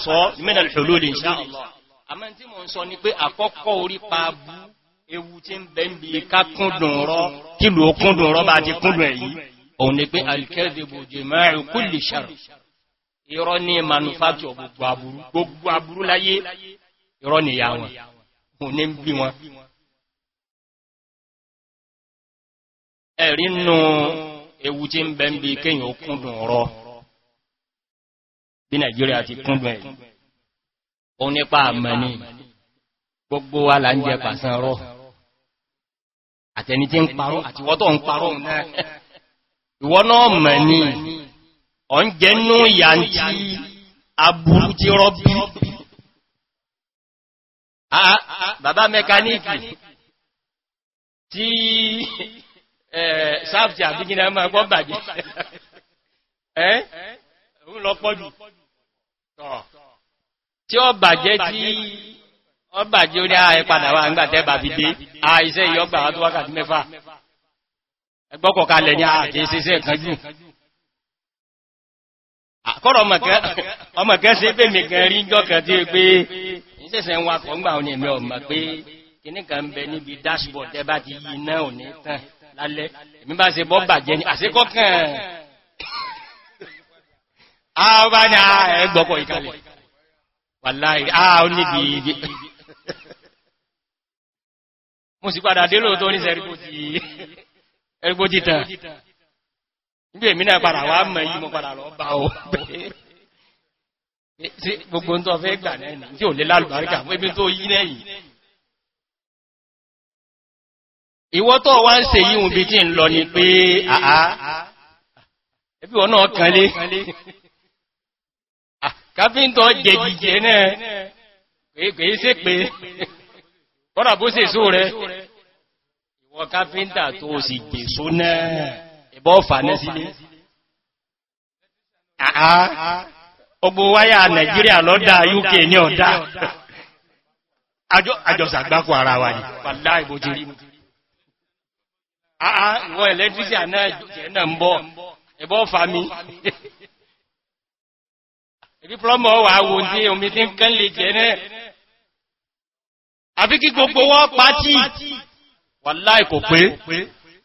sọ mẹ́nà ìṣòlò àmọ́ tí mo ń sọ ni pé àkọ́kọ́ orí pa bú ewu tí ń bẹ ń bí ká kúndùn rọ́ kílù ó kúndùn rọ́ bá ti kúndùn èyí òun ni pé alkẹ́dẹ̀bò jẹ̀mẹ́rin kú lè ṣàrù irọ́ ní manufacture gbogbo aburú gbogbo aburú láyé irọ́ ni ìyá wọn òun ní bí wọn ẹ̀rí nù ewu tí ń bẹ ń bí kéyàn ó kúndùn rọ́ bí nàìjíríà ti kúndùn èyí òun nípa àmà ní gbogbo wa là ń jẹ pàṣán rọ́ àtẹni tí ń parọ́ àti wọ́tọ̀ ń parọ́ náà ìwọ náà mọ̀ ní ọ̀ ń jẹ́nú ìyà tí aburú ti rọ́bí bàbá mẹkaníkì tí sáàfì àbígínà máa gbọ́ bàjẹ́ ẹ́ òun lọ pọ́jù tọ́ tí ó bàjẹ́ tí ó bàjẹ́ orí ààrẹ padà wà nígbàtẹ́ bà fi dé àìṣẹ́ ìyọ́gbà wá tó wákàtí mẹ́fà ẹgbọ́kọ̀ kalẹ̀ ní àkẹ́sẹsẹ́ kanjú àkọ́rọ̀ ọmọkẹ́ sí pé mẹ́kàn rí jọ́kàn tí ó pé ìṣẹ́sẹ̀ ń wakọ̀ ńgbà òní ẹ̀mẹ́ ọmọ pé kìníkan bẹ níbi dashboard ẹbá ti yí iná òní tàn lálẹ́ èmi bá se bọ́ bàjẹ́ ní àṣíkọ́kàn àwọn bá ní ah, ẹgbọ́kọ̀ ìkalẹ̀ wàláì àà ó níbi ìgbé mo sì padà délò tó ní ẹgbó títàn níbi èmì náà padà wà mọ̀ yí mo padà lọ bá o sí gbogbo ń tọ́ fẹ́ gbà náà tí ò lè lálùbáríkà ìwọ́ tó wá ń se yíhun bí tí ń lọ ni pé àá ẹbí wọn náà kan lé káfíntọ̀ jẹ̀gìjẹ̀ náà kìí sí pé kọ́nà bó sì só rẹ̀ ìwọ káfíntà tó sì jèsó náà ìbọ́ fàánẹ́ sílé àá waya wáyà nàìjíríà lọ́dá uk ní ọ̀dá àjọsàgbákò ara wà ní pàdá ìbòjírí àá ìwọ ẹ̀lẹ́tírísì náà jẹ́ náà ń bọ́ ìbọ́ mi. ibi plọ́mọ̀ wà wò ní omi tí ń kán lè jẹ́ náà àbí kí gbogbo wọ́n pàtí wà láì kò pé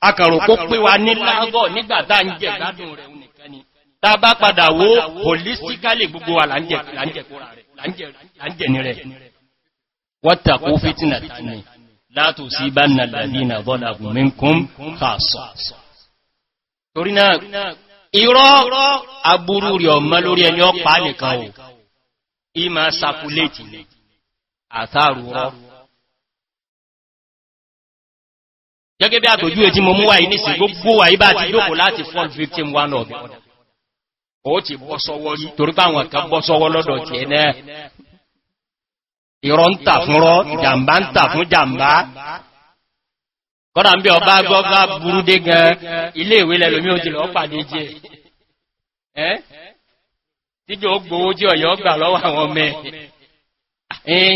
akàrò kó pé wa ní lágọ́ nígbàtà ń jẹ gbádùn rẹ̀ nìkan ni tá bá padà wó holistically gbogbo wa láńjẹ̀ ní rẹ̀ wọ́tàkó fítínà tani látò sí bá nà bọ́lá torí náà irọ́ aburú rí ọmọ lórí ẹni ọpa nìkan ò ìmọ̀ sàkúlẹ̀tì ní àtàrù rọ́ gẹ́gẹ́ bí àtòjú ètí mo mú wà ní sí gbogbo wà ibá ti jókò láti fall victim one of ó ti bọ́ sọ́wọ́ rí torí bá wọn kan bọ́ sọ́wọ́ lọ́dọ̀ tí ẹ náà ń tà fún rọ́ ń tà fún jàmbá kọ́nà ń bí ọba gọ́gbà burú dé gan ilé ìwé lẹ́lòmí ó ti lọ pàdé jẹ́ ẹ́ títí ó gbówó jẹ́ ọ̀yọ́ gbà lọ́wọ́ àwọn ọmọ ẹ̀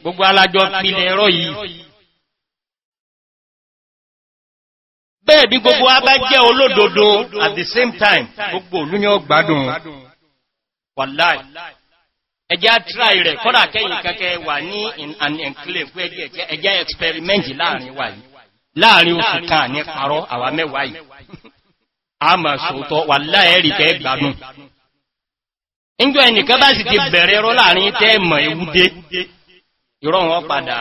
gbogbo alájọ́ pilẹ̀ ẹ̀rọ yìí bẹ́ẹ̀ bí gbogbo wa bá jẹ́ olódodo at the same time gbogbo olúyàn gbádùn wàláì ẹjá try rẹ̀ kọ́nà kẹ́yìn kẹ́kẹ́ wà ní an enclave ẹjá experiment láàrin wà láàrin oṣù ká ní parọ́ àwà mẹ́wàá yìí a ma sòótọ́ wà láẹ̀rí tẹ́ gbádùn ìjọ ẹnìkan bá sì ti bẹ̀rẹ̀ rọ láàrin tẹ́ mọ̀ ewúdé ìrọ̀ wọn padà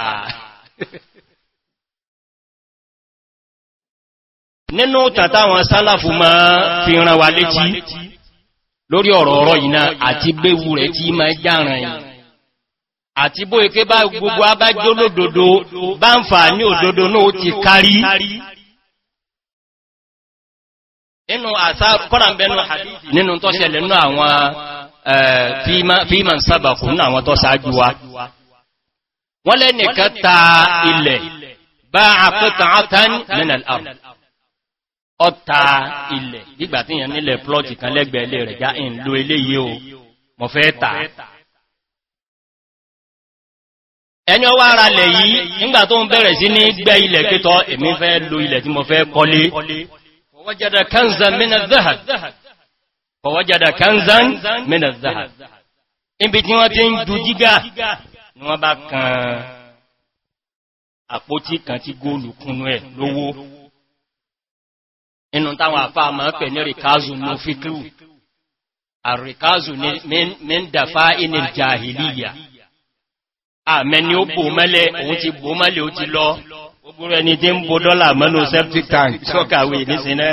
nínú tàtàwọn sálàfù ma fi ran wa létí lórí ọ̀rọ̀ ọ̀rọ̀ ìná àti gbéwu rẹ̀ tí ma járàn yìí àti bó ike bá gbogbo abájó lódodo bá ń fà ní òdodo náà ti kárí nínú àṣà kọ́nàbẹ́nu nínú tó ṣẹlẹ̀ nínú àwọn fíìmọ̀ sábàkù nínú àwọn tó ṣáájú wa wọ́n lẹ́nìkan ta ilẹ̀ bá àpẹta átán nínú àrùn ọta ilẹ̀ gbígbà nílẹ̀ plọ́tì kan lẹ́gbẹ̀ẹ́lẹ́ rẹ̀ já ń eléyìí o mọ̀fẹ́ ẹni ọwọ́ ara lẹ̀ yìí nígbà tó ń bẹ̀rẹ̀ sí ní gbẹ́ ilẹ̀ pẹ́tọ́ èmi fẹ́ lo ilẹ̀ tí mo fẹ́ kọlé fọwọ́jádà kanzan mẹ́nà zahad níbi tí wọ́n ti ń ju jígá ni wọ́n bá kan àpótí kan tí góòlù kúnnú ẹ̀ lówó inú táwọn àfáà máa pẹ̀ ní ríkázù ní fíkú àríkázù ní mẹ́ndàfá inil jahiliya àmẹ́ni ó bò mẹ́lẹ̀ òun ti bò mẹ́lẹ̀ ó ti lọ ogun ẹni tí ń bo dọ́là mẹ́nu septic tank sọ́kàwé nísìnyí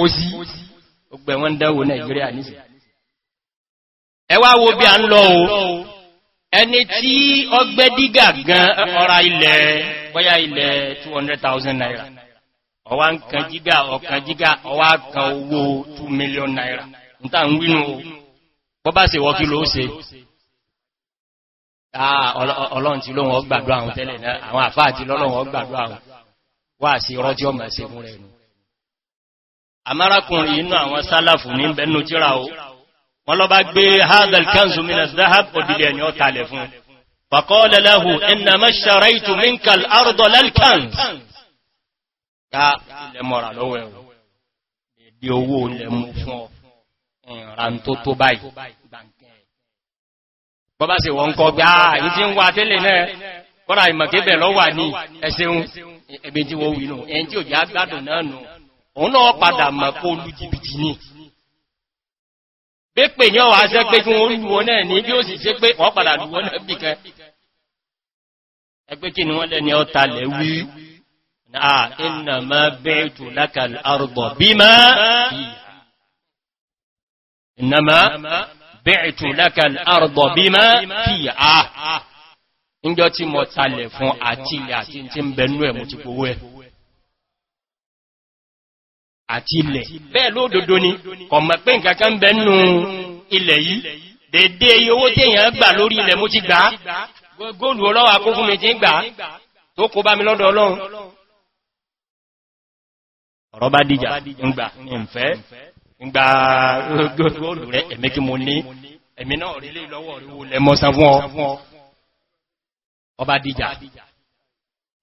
ó sí ogbẹ̀ wọ́n dẹ́wò nàìjíríà nísìnyí wo bí a ń lọ o ẹni tí ọgbẹ́ dígà gan ọra ilẹ̀ bọ́yá ilẹ̀ 200,000 naira ọwá ń kan jígà ọ̀kan jígà ọwá kan owó 2 million naira ń wínú bọ́bá wọ́kí ló Ah, ọlọ́run ti lóhun ọgbàdó àwọn tẹ́lẹ̀ náà àwọn àfáà ti lọ́lọ́run ọgbàdó àwọn wà sí rọ́jí ọmọ ẹ̀sẹ̀ fún rẹ̀ nù amárakùnrin inú àwọn sálàfù ní bẹnu jíra o wọ́n lọ bá gbé hazel kanzu minas dahab odidi ẹni ọ talẹ̀ fún fakọ́lẹ̀lẹ́hù iná tó tó báyìí bọ́bá sì wọ́n kọ́ gbá àyí ah, tí ń wà tẹ́lẹ̀ náà kọ́rà ìmọ̀kébẹ̀ lọ wà ní ẹsẹun ẹgbẹ́ tí wọ́n wìnà ẹn tí ò já gbádùn náà nù òun náà padà mọ̀ kó lú jìbìtì ní pépè ní ọwà sẹ́ pé kí wọ́n lú wọn náà ní bí ó sì sé pé wọ́n padà lú wọ́n bẹ́ẹ̀tù lákàl àrùgbọ̀ bí má kí à níjọ tí mọ̀ talẹ̀ fún àti ilẹ̀ àti tí ń bẹnú ẹ̀ mú ti kówó ẹ̀ àti ilẹ̀ bẹ́ẹ̀ lóòdòdó ni kọ̀mọ̀ pé nǹkankan bẹnú ilẹ̀ yìí dédé owó téèyàn gbà lórí ilẹ̀ mú ti gbà góòlù ọlọ́wà kó fún mi ti gbà tó kó bá mi lọ́dọ̀ ọlọ́run ọ̀rọ̀ bá dìjà ń gbà ń fẹ́ ìgbà góòlù rẹ̀ ẹ̀mí kí mo ní ẹ̀mí náà rí lè lọ́wọ́ ríwó lẹ́mọ́sán fún ọ ọba dìjà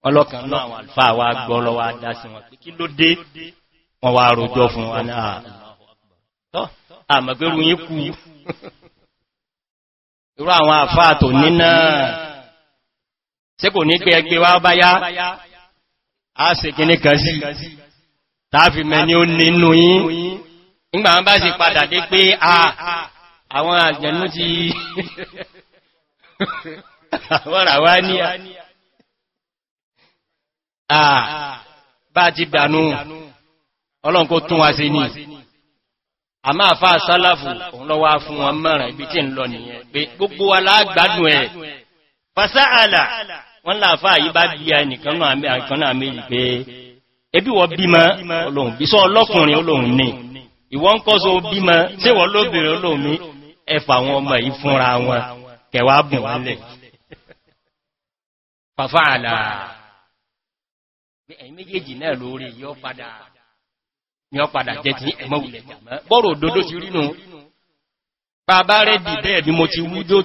ọlọ́kan náà àwọn àlfà wa gbọ́ lọ́wọ́ adásí wọn kí ló dé wọn wá rojọ́ fún wọn náà àmọ̀gbẹ́rù yín kú irú ó àfà tó ní náà tí kò ní pé ẹgbẹ́ wá bá yá a sì kí ní kan sí tààfi mẹ́ni ó nínú yín ìgbà wọn bá sì padà dé pé ah, ah. àwọn àjẹ̀nú ti wọ́n rà wá ní àà ah. bá ti dànú ọlọ́n kó tún wá sí ní a máa fa sálàfù òun lọ́wọ́ fún wọn mẹ́rin ibi tí ń lọ nìyẹn pé gbogbo alágbádùn ẹ̀ fasáàlà wọ́n láàfá yí bá bí i nìkan méjì pé ebí wọ́n bímọ olóhun bí sọ ọlọ́kùnrin olóhun ní ìwọ́n kọ́ so bímọ tí wọ́n lóbìnrin olómi ẹfà àwọn ọmọ yìí fúnra wọn kẹwàá bùn wọn lẹ̀ fàfà àlà ẹ̀yìn méjèèjì náà lórí yọ padà ni ọ jẹ́ ti ẹmọ wùlẹ̀ jàmọ́ bọ́rọ̀ òdodo ti rínú bàbá rẹ̀ dìbẹ́ bí mo ti wújó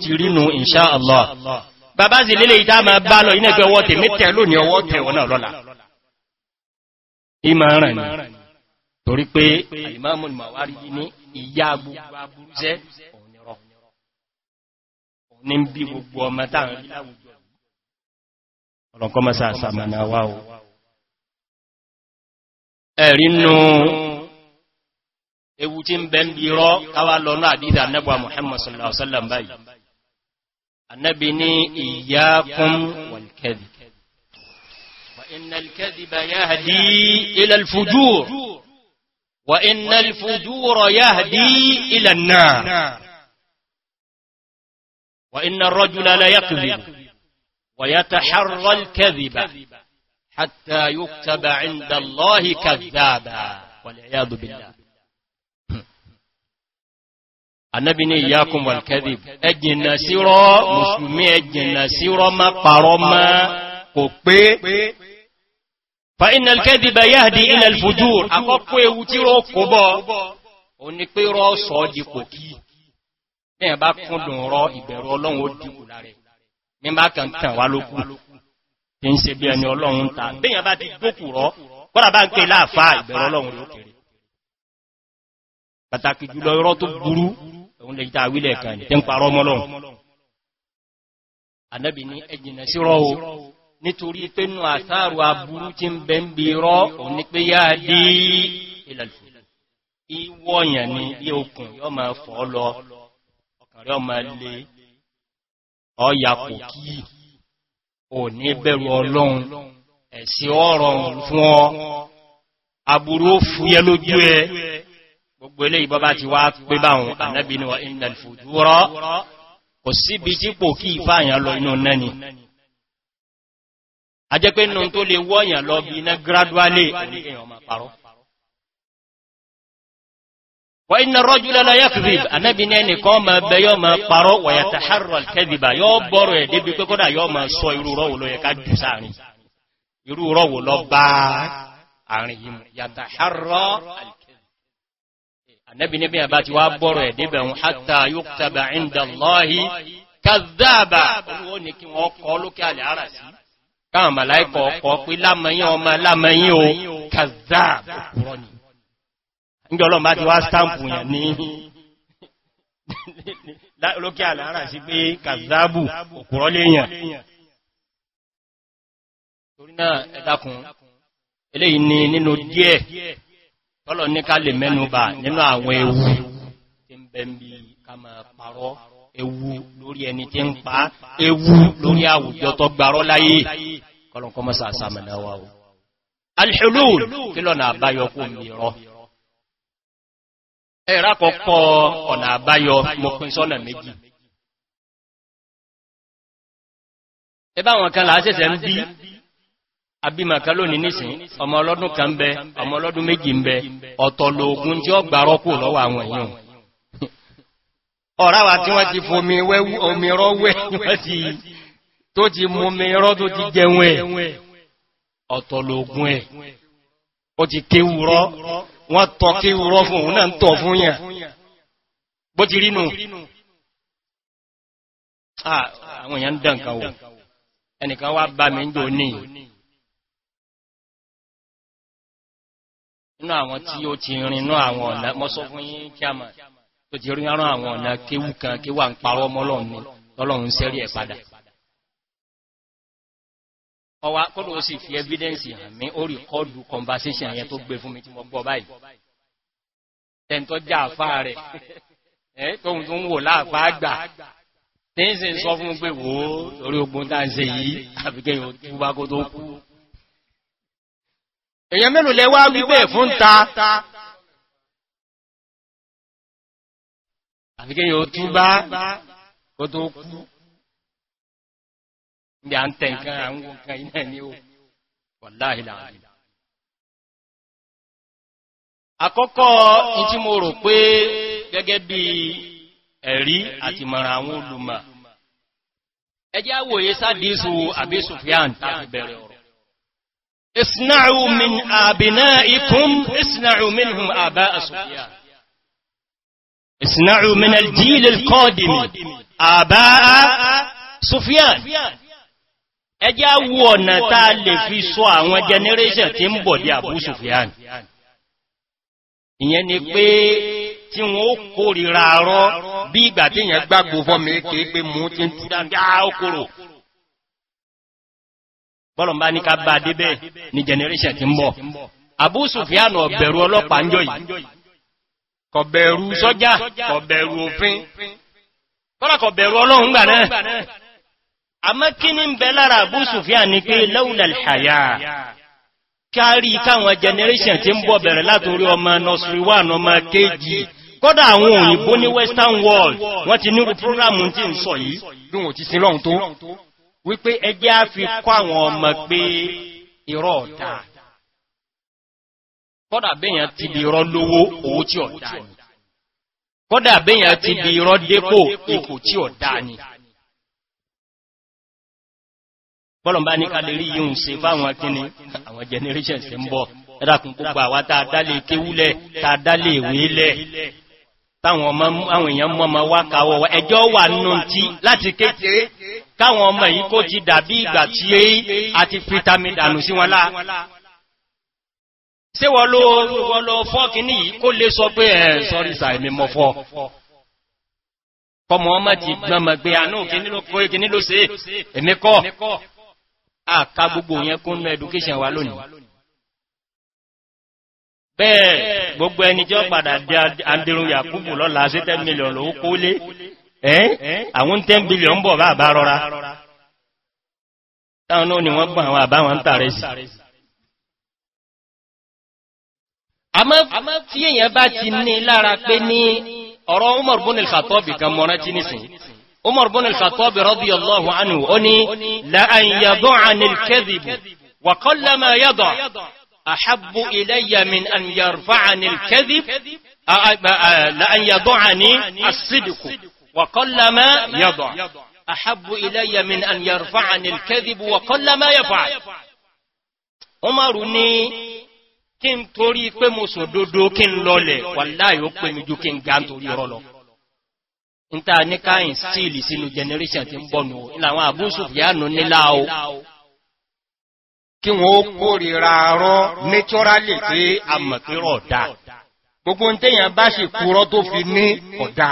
ma bá lọ iná ẹgbẹ́ ọwọ́ tẹ̀ mí tẹ̀ torí pé ìmáàmù Màwárídì ní ìyá gbogbo aburú jẹ́ ònirọ̀ ní bí gbogbo ọmọ táàrin láwùjọ ọ̀rọ̀kọ́ mẹ́sà àsàmànà wá o ẹ̀rí nù ewu tí ń bẹ ń bí rọ́ káwà lọ́nà àdídà nẹ́bà Muhammad sallallahu alaihi báyìí annabi ní iyyakum wal kadhib fa inna al kadhiba yahdi ila fujur وإن الفجور يهدي إلى النار وإن الرجل لا يكذب ويتحرى الكذب حتى يكتب عند الله كذابا والعياذ بالله النبي نياكم والكذب اجنا سيرا مسلمي اجنا سيرا ما قرما قبي فإن الكذب يهدي إلى الفجور àkọ́kọ́ ewu tí rọ kò bọ́ o ní pé rọ sọ di kò kí mẹ́rin bá kúndùn rọ ìbẹ̀rù ọlọ́run ó dìkù lárẹ̀ mẹ́rin bá kàn tàn wá lókù tí ń se bí ẹni ọlọ́run ta bẹ́yàn bá ti gbókù rọ kọ́lá bá ń pè láàfá ìbẹ̀rù ọlọ́run ló kéré pàtàkì jùlọ irọ́ tó burú òun lè ta wílẹ̀ kan tẹ́ ń parọ́ mọ́lọ́run nítorí pé nù àsáàrù aburú tí ń bẹ ń bí rọ́ òní pé yá dí ìlàlùfù ìwọ̀nyàn ni bí okùn yọ ma fọ́ lọ ọkàrẹ ọmọ lè ọyàpò kí òní bẹ̀rù ọlọ́run ẹ̀sí ọ̀rọ̀ fún ọ aburú fúyẹ lójú ẹ gbogbo ilé ìbọba ti wá pé báhùn ànábìnú ìlàlùfù dúró kò síbi tí pò kí ìfáàyàn lọ inú náà ni ajẹ́ pé nù tó lè wọ́yàn lọ bí iná gradually ènìyàn ma parọ́ wà iná rọ́jú lọ́la yẹ́kìrì anábi ní ẹnìkan ma bẹ yọ́ ma parọ́ wàyà tàhárọ̀ alkẹ́dìbà yọ́ bọ́rọ̀ ẹ̀ débi pé kọ́dà yọ́ ma sọ irú rọ́wò lọ yẹ ká jù sáàrin ní kí wọ́n kọ́ lókè àlẹ́ ara sí káwọn màláìkọ̀ ọkọ̀ pé lámẹ́yìn ọmọ lámẹ́yìn o kàzá kúrọ́ ni níjọ́ ọlọ́run bá ti wá stampu yàn ní lókè àlàárà sí pé kàzáàbù òkúrọ́ léèyàn torí náà ẹ̀dàkùn eléyìí ni nínú díẹ̀ tọ́lọ̀ ní ká lè mẹ́nu bà nínú àwọn ewu tí ń bẹ̀ ń ká máa parọ́ ewu lórí ẹni tí ń pa ewu lórí àwùjọ tó gbarọ́ láyé kọlọ̀kọ́ mọ́sá àsàmìnà wa o alhulul kí lọ́nà àbáyọ kó mìíràn ẹ̀rá kọ́kọ́ ọ̀nà àbáyọ mọ́pin méjì ẹbá wọn kan làásẹ̀sẹ̀ ń bí abímọ̀ká lónìí nìsìn ọmọ ọlọ́dún kan bẹ ọmọ ọlọ́dún méjì ń bẹ ọ̀tọ̀lógún tí ó gbàrọ́kù lọ́wọ́ àwọn èèyàn ọ̀ráwà tí wọ́n ti fomi omiro wẹ́ tó ti mọmiro tó ti jẹun ẹ̀ ọ̀tọ̀lógún ẹ̀ ó ti kéwúrọ́ wọ́n tọ kéwúrọ́ fún òun náà ń tọ̀ fún bó ti rínú àwọn èèyàn ń dànkan ẹnìkan wá bá mi jò ní inú àwọn tí ó tó ti rí rán àwọn ọ̀nà kéwú kan kéwà ń parọ́ ọmọ ọlọ́run ọlọ́run sẹ́rí ẹ̀ padà ọwá kọ́lọ̀ sì fi evidence hàn mí ó rí kọ́ọ̀dù conversation yẹn tó gbé fún mi tí mo gbọ́ báyìí tẹ́ntọ́ já àfá rẹ̀ ẹ́ tóhun tó ń wò láàfá àgbà tí ń sì ń sọ fún pé wò ó lórí ogun tá èèyàn mélòó lẹ́wà wípé fún ta àfikẹ́ yóò tún bá kó tó kú ní à ń tẹ nǹkan àwọn nǹkan iná ní o wọ̀láhìlà àkọ́kọ́ ìtí mo rò pé gẹ́gẹ́ bí ẹ̀rí mara àwọn olùmọ̀ ẹjẹ́ àwòye àbí tàbí bẹ̀rẹ̀ ọ̀rọ̀ min aba ìsìnáàrù minal jíìlì kọ́dìmì àbá Sufyan ẹjá wú ọ̀nà táa lè fi sọ àwọn generation tí ń bọ̀ di Abu Sufyan ìyẹn ni pé tí wọ́n ó kórìíra rọ bí ìgbà tí ìyẹn gbàgbò fọ́mí kéé pé mú ti ń túdá bí á okòrò bọ́lọ̀ bá ní ká bá débẹ̀ ni generation tí ń bọ̀ Abu Sufyan ọ̀bẹ̀rù ọlọ́pàá ń jọ yìí kọ̀bẹ̀rù sọ́jà kọ̀bẹ̀rù òfin kọ́lá kọ̀bẹ̀rù ọlọ́run gbà náà àmọ́ kí ní ń bẹ lára Abu Sufyan ní pé lẹ́wùlẹ̀lẹ̀hàyà kárí káwọn generation ti ń bọ̀ bẹ̀rẹ̀ látorí ọmọ nursery one ọmọ kéjì kọ́dà àwọn òyìnbó ní western world wọ́n ti nírú prógrámù tí ń sọ yìí bí wọ́n ti ọ̀tá kọ́dà bẹ́yàn ti di rọ lówó owó tí ọ̀dá ni kọ́dà bẹ́yàn ti di rọ dépò ipò tí ọ̀dá ni bọ́lọ̀mbá ní kàlérí yíò ń se fáwọn akíní àwọn generations ń bọ̀ ẹ́dàkùn púpọ̀ àwá tàà dálé kéwúlẹ̀ tàà dálé ìwélẹ̀ táwọn àwọn èèyàn mọ́ ma wá kàwọ́ ẹjọ́ wà nù tí láti kékeré káwọn ọmọ yìí kó ti dàbí ìgbà tí àti fitamin dànù sí wọn láà ṣe wọ́n ló wọ́n lọ fọ́kì ní kó lè sọ pé ẹ̀ sọ́rí sàìmì mọ́ fọ́ kọmọ ọmọ ti gbọmọ gbé àánú kìní ló ṣe èmi kọ́ àká gbogbo yẹn kún ní education wa lónìí bẹ́ẹ̀ gbogbo ẹni jẹ́ padà àdẹrùn yàkúbù lọ́la sí 10 million ló kó lé àwọn 10 billion bọ̀ bá àbá rọra táwọn náà ni wọ́n gbọ́n àwọn àbáwọn tààrẹ sí àmọ́ tí èyàn bá ti ní lára pé ní ọ̀rọ̀ Umar bin al-Khattab kan mọ́ra tí nìsìn Umar bin al-Khattab radiyallahu anhu ó ní la an yada'ani al-kadhib wa qallama yada' ahabbu ilayya min an yarfa'ani al-kadhib la an yada'ani as-sidq wa qallama yada' ahabbu ilayya min an yarfa'ani al-kadhib wa qallama yaf'al Umar ní kí n torí pé mo sòdodo kí n lọlẹ̀ wàláyé ó pè mí ju kí n ga n torí ọ̀rọ̀ lọ níta ní káyìn stíìlì sínú generation ti ń bọ̀nù ìlànà àbúsù fìyànù nílá o kí wọ́n kórìíra rọ́ nítúrálì pé a mọ̀ pé ọ̀dá gbogbo ń tẹ́yàn bá sì kúrọ́ tó fi ní ọ̀dá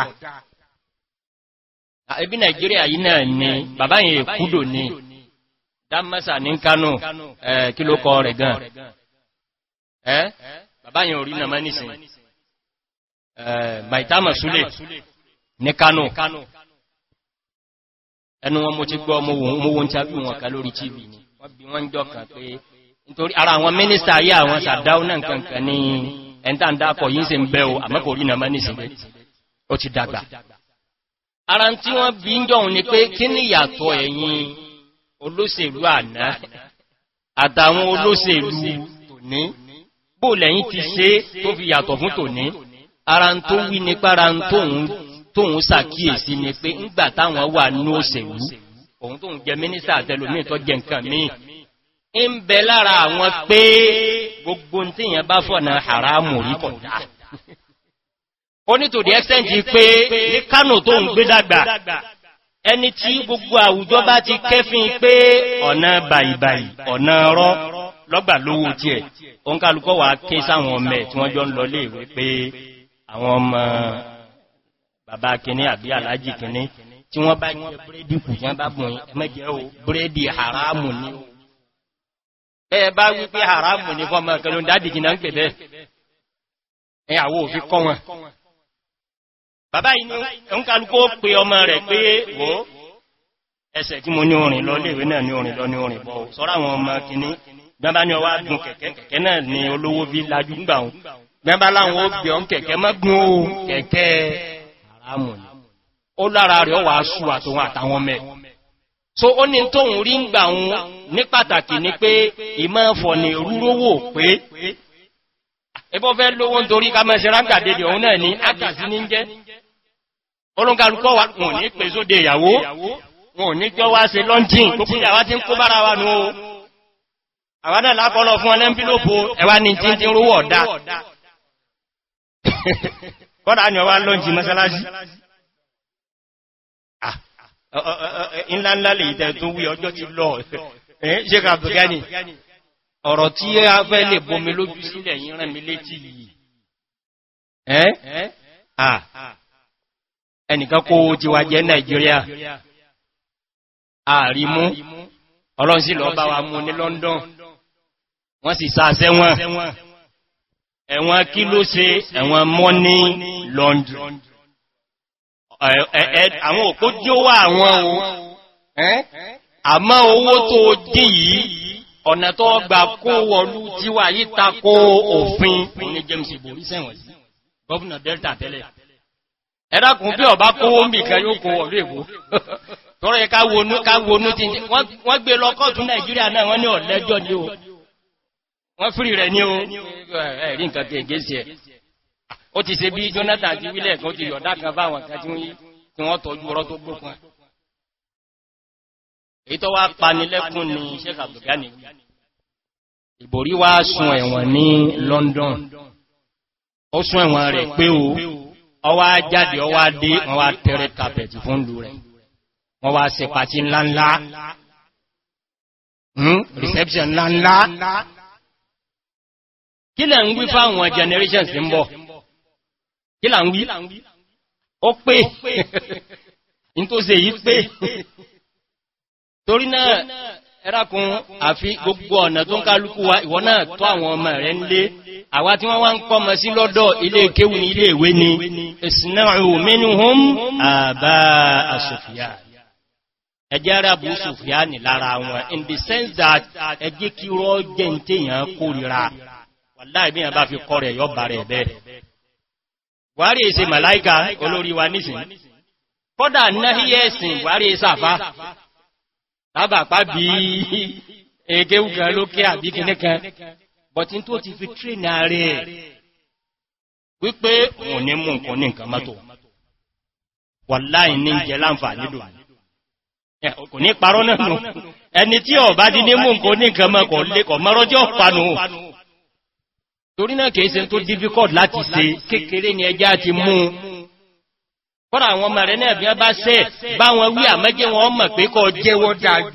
ẹbí nàìjíríà yìí náà ni bàbá yìí kúdò ní dámásà ní kánò kí ló kọ rẹ̀ gan-an ẹ́ bàbá yẹn orí maitama sule ní kano ẹnu wọn mo ti gbọ́ mo wọ́n tàbí wọn ká lórí tv ni wọ́n bí wọ́n jọ pé nítorí ara àwọn mínísítà ayé àwọn sàdáwò náà kankan ní ń bẹ́ o àmọ́kò orí ó ti dàgbà ara tí wọ́n bí ń bó lẹ́yìn ti ṣe tó fi yàtọ̀ fún tòní ara ń tó wí ní pára ń tóhun sàkíyèsí ni pé ńgbà táwọn wà ní òṣèlú òun tóhun jẹ mínísà àtẹlòmí tó jẹ nǹkan míì ń bẹ lára àwọn pé gbogbo tí yẹn bá fọ̀nà haramu rí kọ̀dá ó ní pé ní kánò tóhun gbé dàgbà ẹni tí gbogbo àwùjọ bá ti kẹ́fin pé ọ̀nà bàìbàì ọ̀nà rọ́ lọ́gbà lówó tí ẹ̀ o ń kálukọ́ wà ké sáwọn ọmọ ẹ̀ tí wọ́n jọ ń lọ lè wé pé àwọn ọmọ bàbá kìíní àbí alájì kìíní tí wọ́n bá jẹ búrẹ́dì kù jẹ́ bá bùn mẹ́jẹ́ o búrẹ́dì haramu ni bẹ́ẹ̀ pè ọmọ rẹ̀ pé wò ẹsẹ̀ tí mo ní orin lọ léèwé náà ní orin lọ ní orin bọ́ sọ́rọ̀ àwọn ọmọ kìíní gbẹ́mbá ní ọwá gùn kẹ̀kẹ́ náà ni olówó bí lajú ń gbà wọn gbẹ́mbá láwọn obì ọ́n kẹ̀kẹ́ mọ́gùn ó kẹ̀kẹ́ àrámù ni ó lára rẹ̀ wà sù àtòun àtàwọn mẹ́ so ó ní tóun rí ń gbà ní pàtàkì ni pé ìmọ̀ fọ̀nì rúrówó pé ẹbọ́ fẹ́ lówó wà wọn ní pèsè òde ìyàwó wọn ò ní kí wá se lọ́ntín tó kúrò àwá tí ń kó bára wa nù ó àwádà lápọ̀lọ̀ fún ọlẹ́mpílòpò ẹwà ní tí tí rówó ọ̀dá kọ́dà ni ọwá lọ́ntín mọ́sálásí ah, ńláńlá lè tẹ́ tó wí ọjọ́ ti lọ ṣe ká bùgánì ọ̀rọ̀ tí a fẹ́ lè bomi lójú sílẹ̀ yìí rán mi létí yìí ẹnìkan kó owó nàìjíríà àrímú ọlọ́run sí lọ bá wa mú ní london wọ́n sì sáṣẹ́ wọn ẹ̀wọ̀n kí ló ṣe ẹ̀wọ̀n mọ́ní london àwọn òkú jí ó wà àwọn o àmọ́ owó tó dí yìí ọ̀nà tó gbà kó wọlú tí wà yí takó òfin ní james ìbòrí sẹ́wọ̀n sí gọ́ọ̀nà delta tẹ́lẹ̀ ẹ̀dàkùn bí ọba kówó ń bì kẹ́ yóò kó wọlú èkó tọ́rọ ẹka wonú ká wonú ti wọ́n gbé lọ́kọ́tún nàìjíríà náà wọ́n ní ọ̀lẹ́jọ́ ní o wọ́n fìrì rẹ̀ ní o ẹ̀rí nǹkan kèèké sí ẹ̀ ó ti ṣe bí jonathan ti wílẹ̀ kan ti yọ̀dá kan bá àwọn kan tí wọ́n tọ́jú ọrọ̀ tó gbókun èyí london o ọwá jáde ọwá dé wọn wá tẹ́rẹ kàpẹ̀tì fún lù rẹ̀ wọ́n wá sí pàtí ńláńlá hmm? reception ńláńlá kí lẹ̀ ń wí fáwọn generations ń bọ̀ kí là ń wí ó pé ní tó se yí pé torí náà ẹrákun àfi gbogbo ọ̀nà tó ń kálukú wa ìwọ náà tó àwọn ọmọ rẹ̀ ń lé àwá tí wọ́n wá ń kọmọ sí lọ́dọ̀ ilé kéwù ní ilé ìwé ni ìsìnà òmìnirún àbá àṣòfíà ẹjẹ́ rẹ̀ bú sùfíàní lára wọn in the sense that ẹjẹ́ kí rọ́ jẹ́ ń tèyàn kórìíra wàláì bí i bá fi kọ́ rẹ̀ yọba rẹ̀ bẹ́ẹ̀ buhari èsè màláìka olórí wa nísìn kọ́dà náhíyẹ̀sìn buhari èsàfá lábàpá bí egéwùkan lókè àbí kìnnìkan but in tó ti fi train ààrẹ wípé òun ní mú nǹkan ní Eh, kò ní parọ́ náà nù ẹni tí ọ̀bá di ní mú nǹkan ní nǹkan mọ́kọ̀ lékọ̀ mọ́rọ́ jẹ́ ọ̀panù torí náà kìí se tó difficult láti se kékeré ni ẹjá ti mú fọ́nà àwọn ọmọ rẹ̀ náà bí wọ́n bá sẹ́ bá wọn wí àmẹ́jẹ́ wọn mọ̀ pé kọ́ jẹ́wọ́ dájú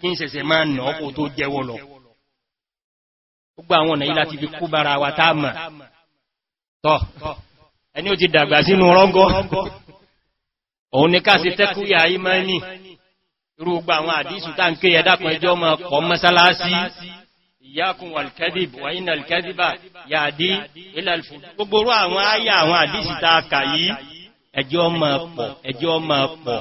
kí n sẹ̀sẹ̀ máa nà ọkọ̀ tó jẹ́wọ́ lọ gbogbo àwọn ọ̀nà yìí láti fi kú bára wa tá mọ̀ tọ́ ẹni ó ti dàgbà sínú rọ́gọ́ òun ni ká sí tẹ́kúyà imani irúgbà àwọn àdísù tá ń ké ẹ̀dàkùn ẹjọ́ mọ́ ọkọ̀ mọ́sálásí ìyákun alkadib wáyín alkadiba yàdí ilẹ̀lfù gbogbo àwọn àyà àwọn àdísù tá a kà yí ẹjọ́ mọ́ pọ̀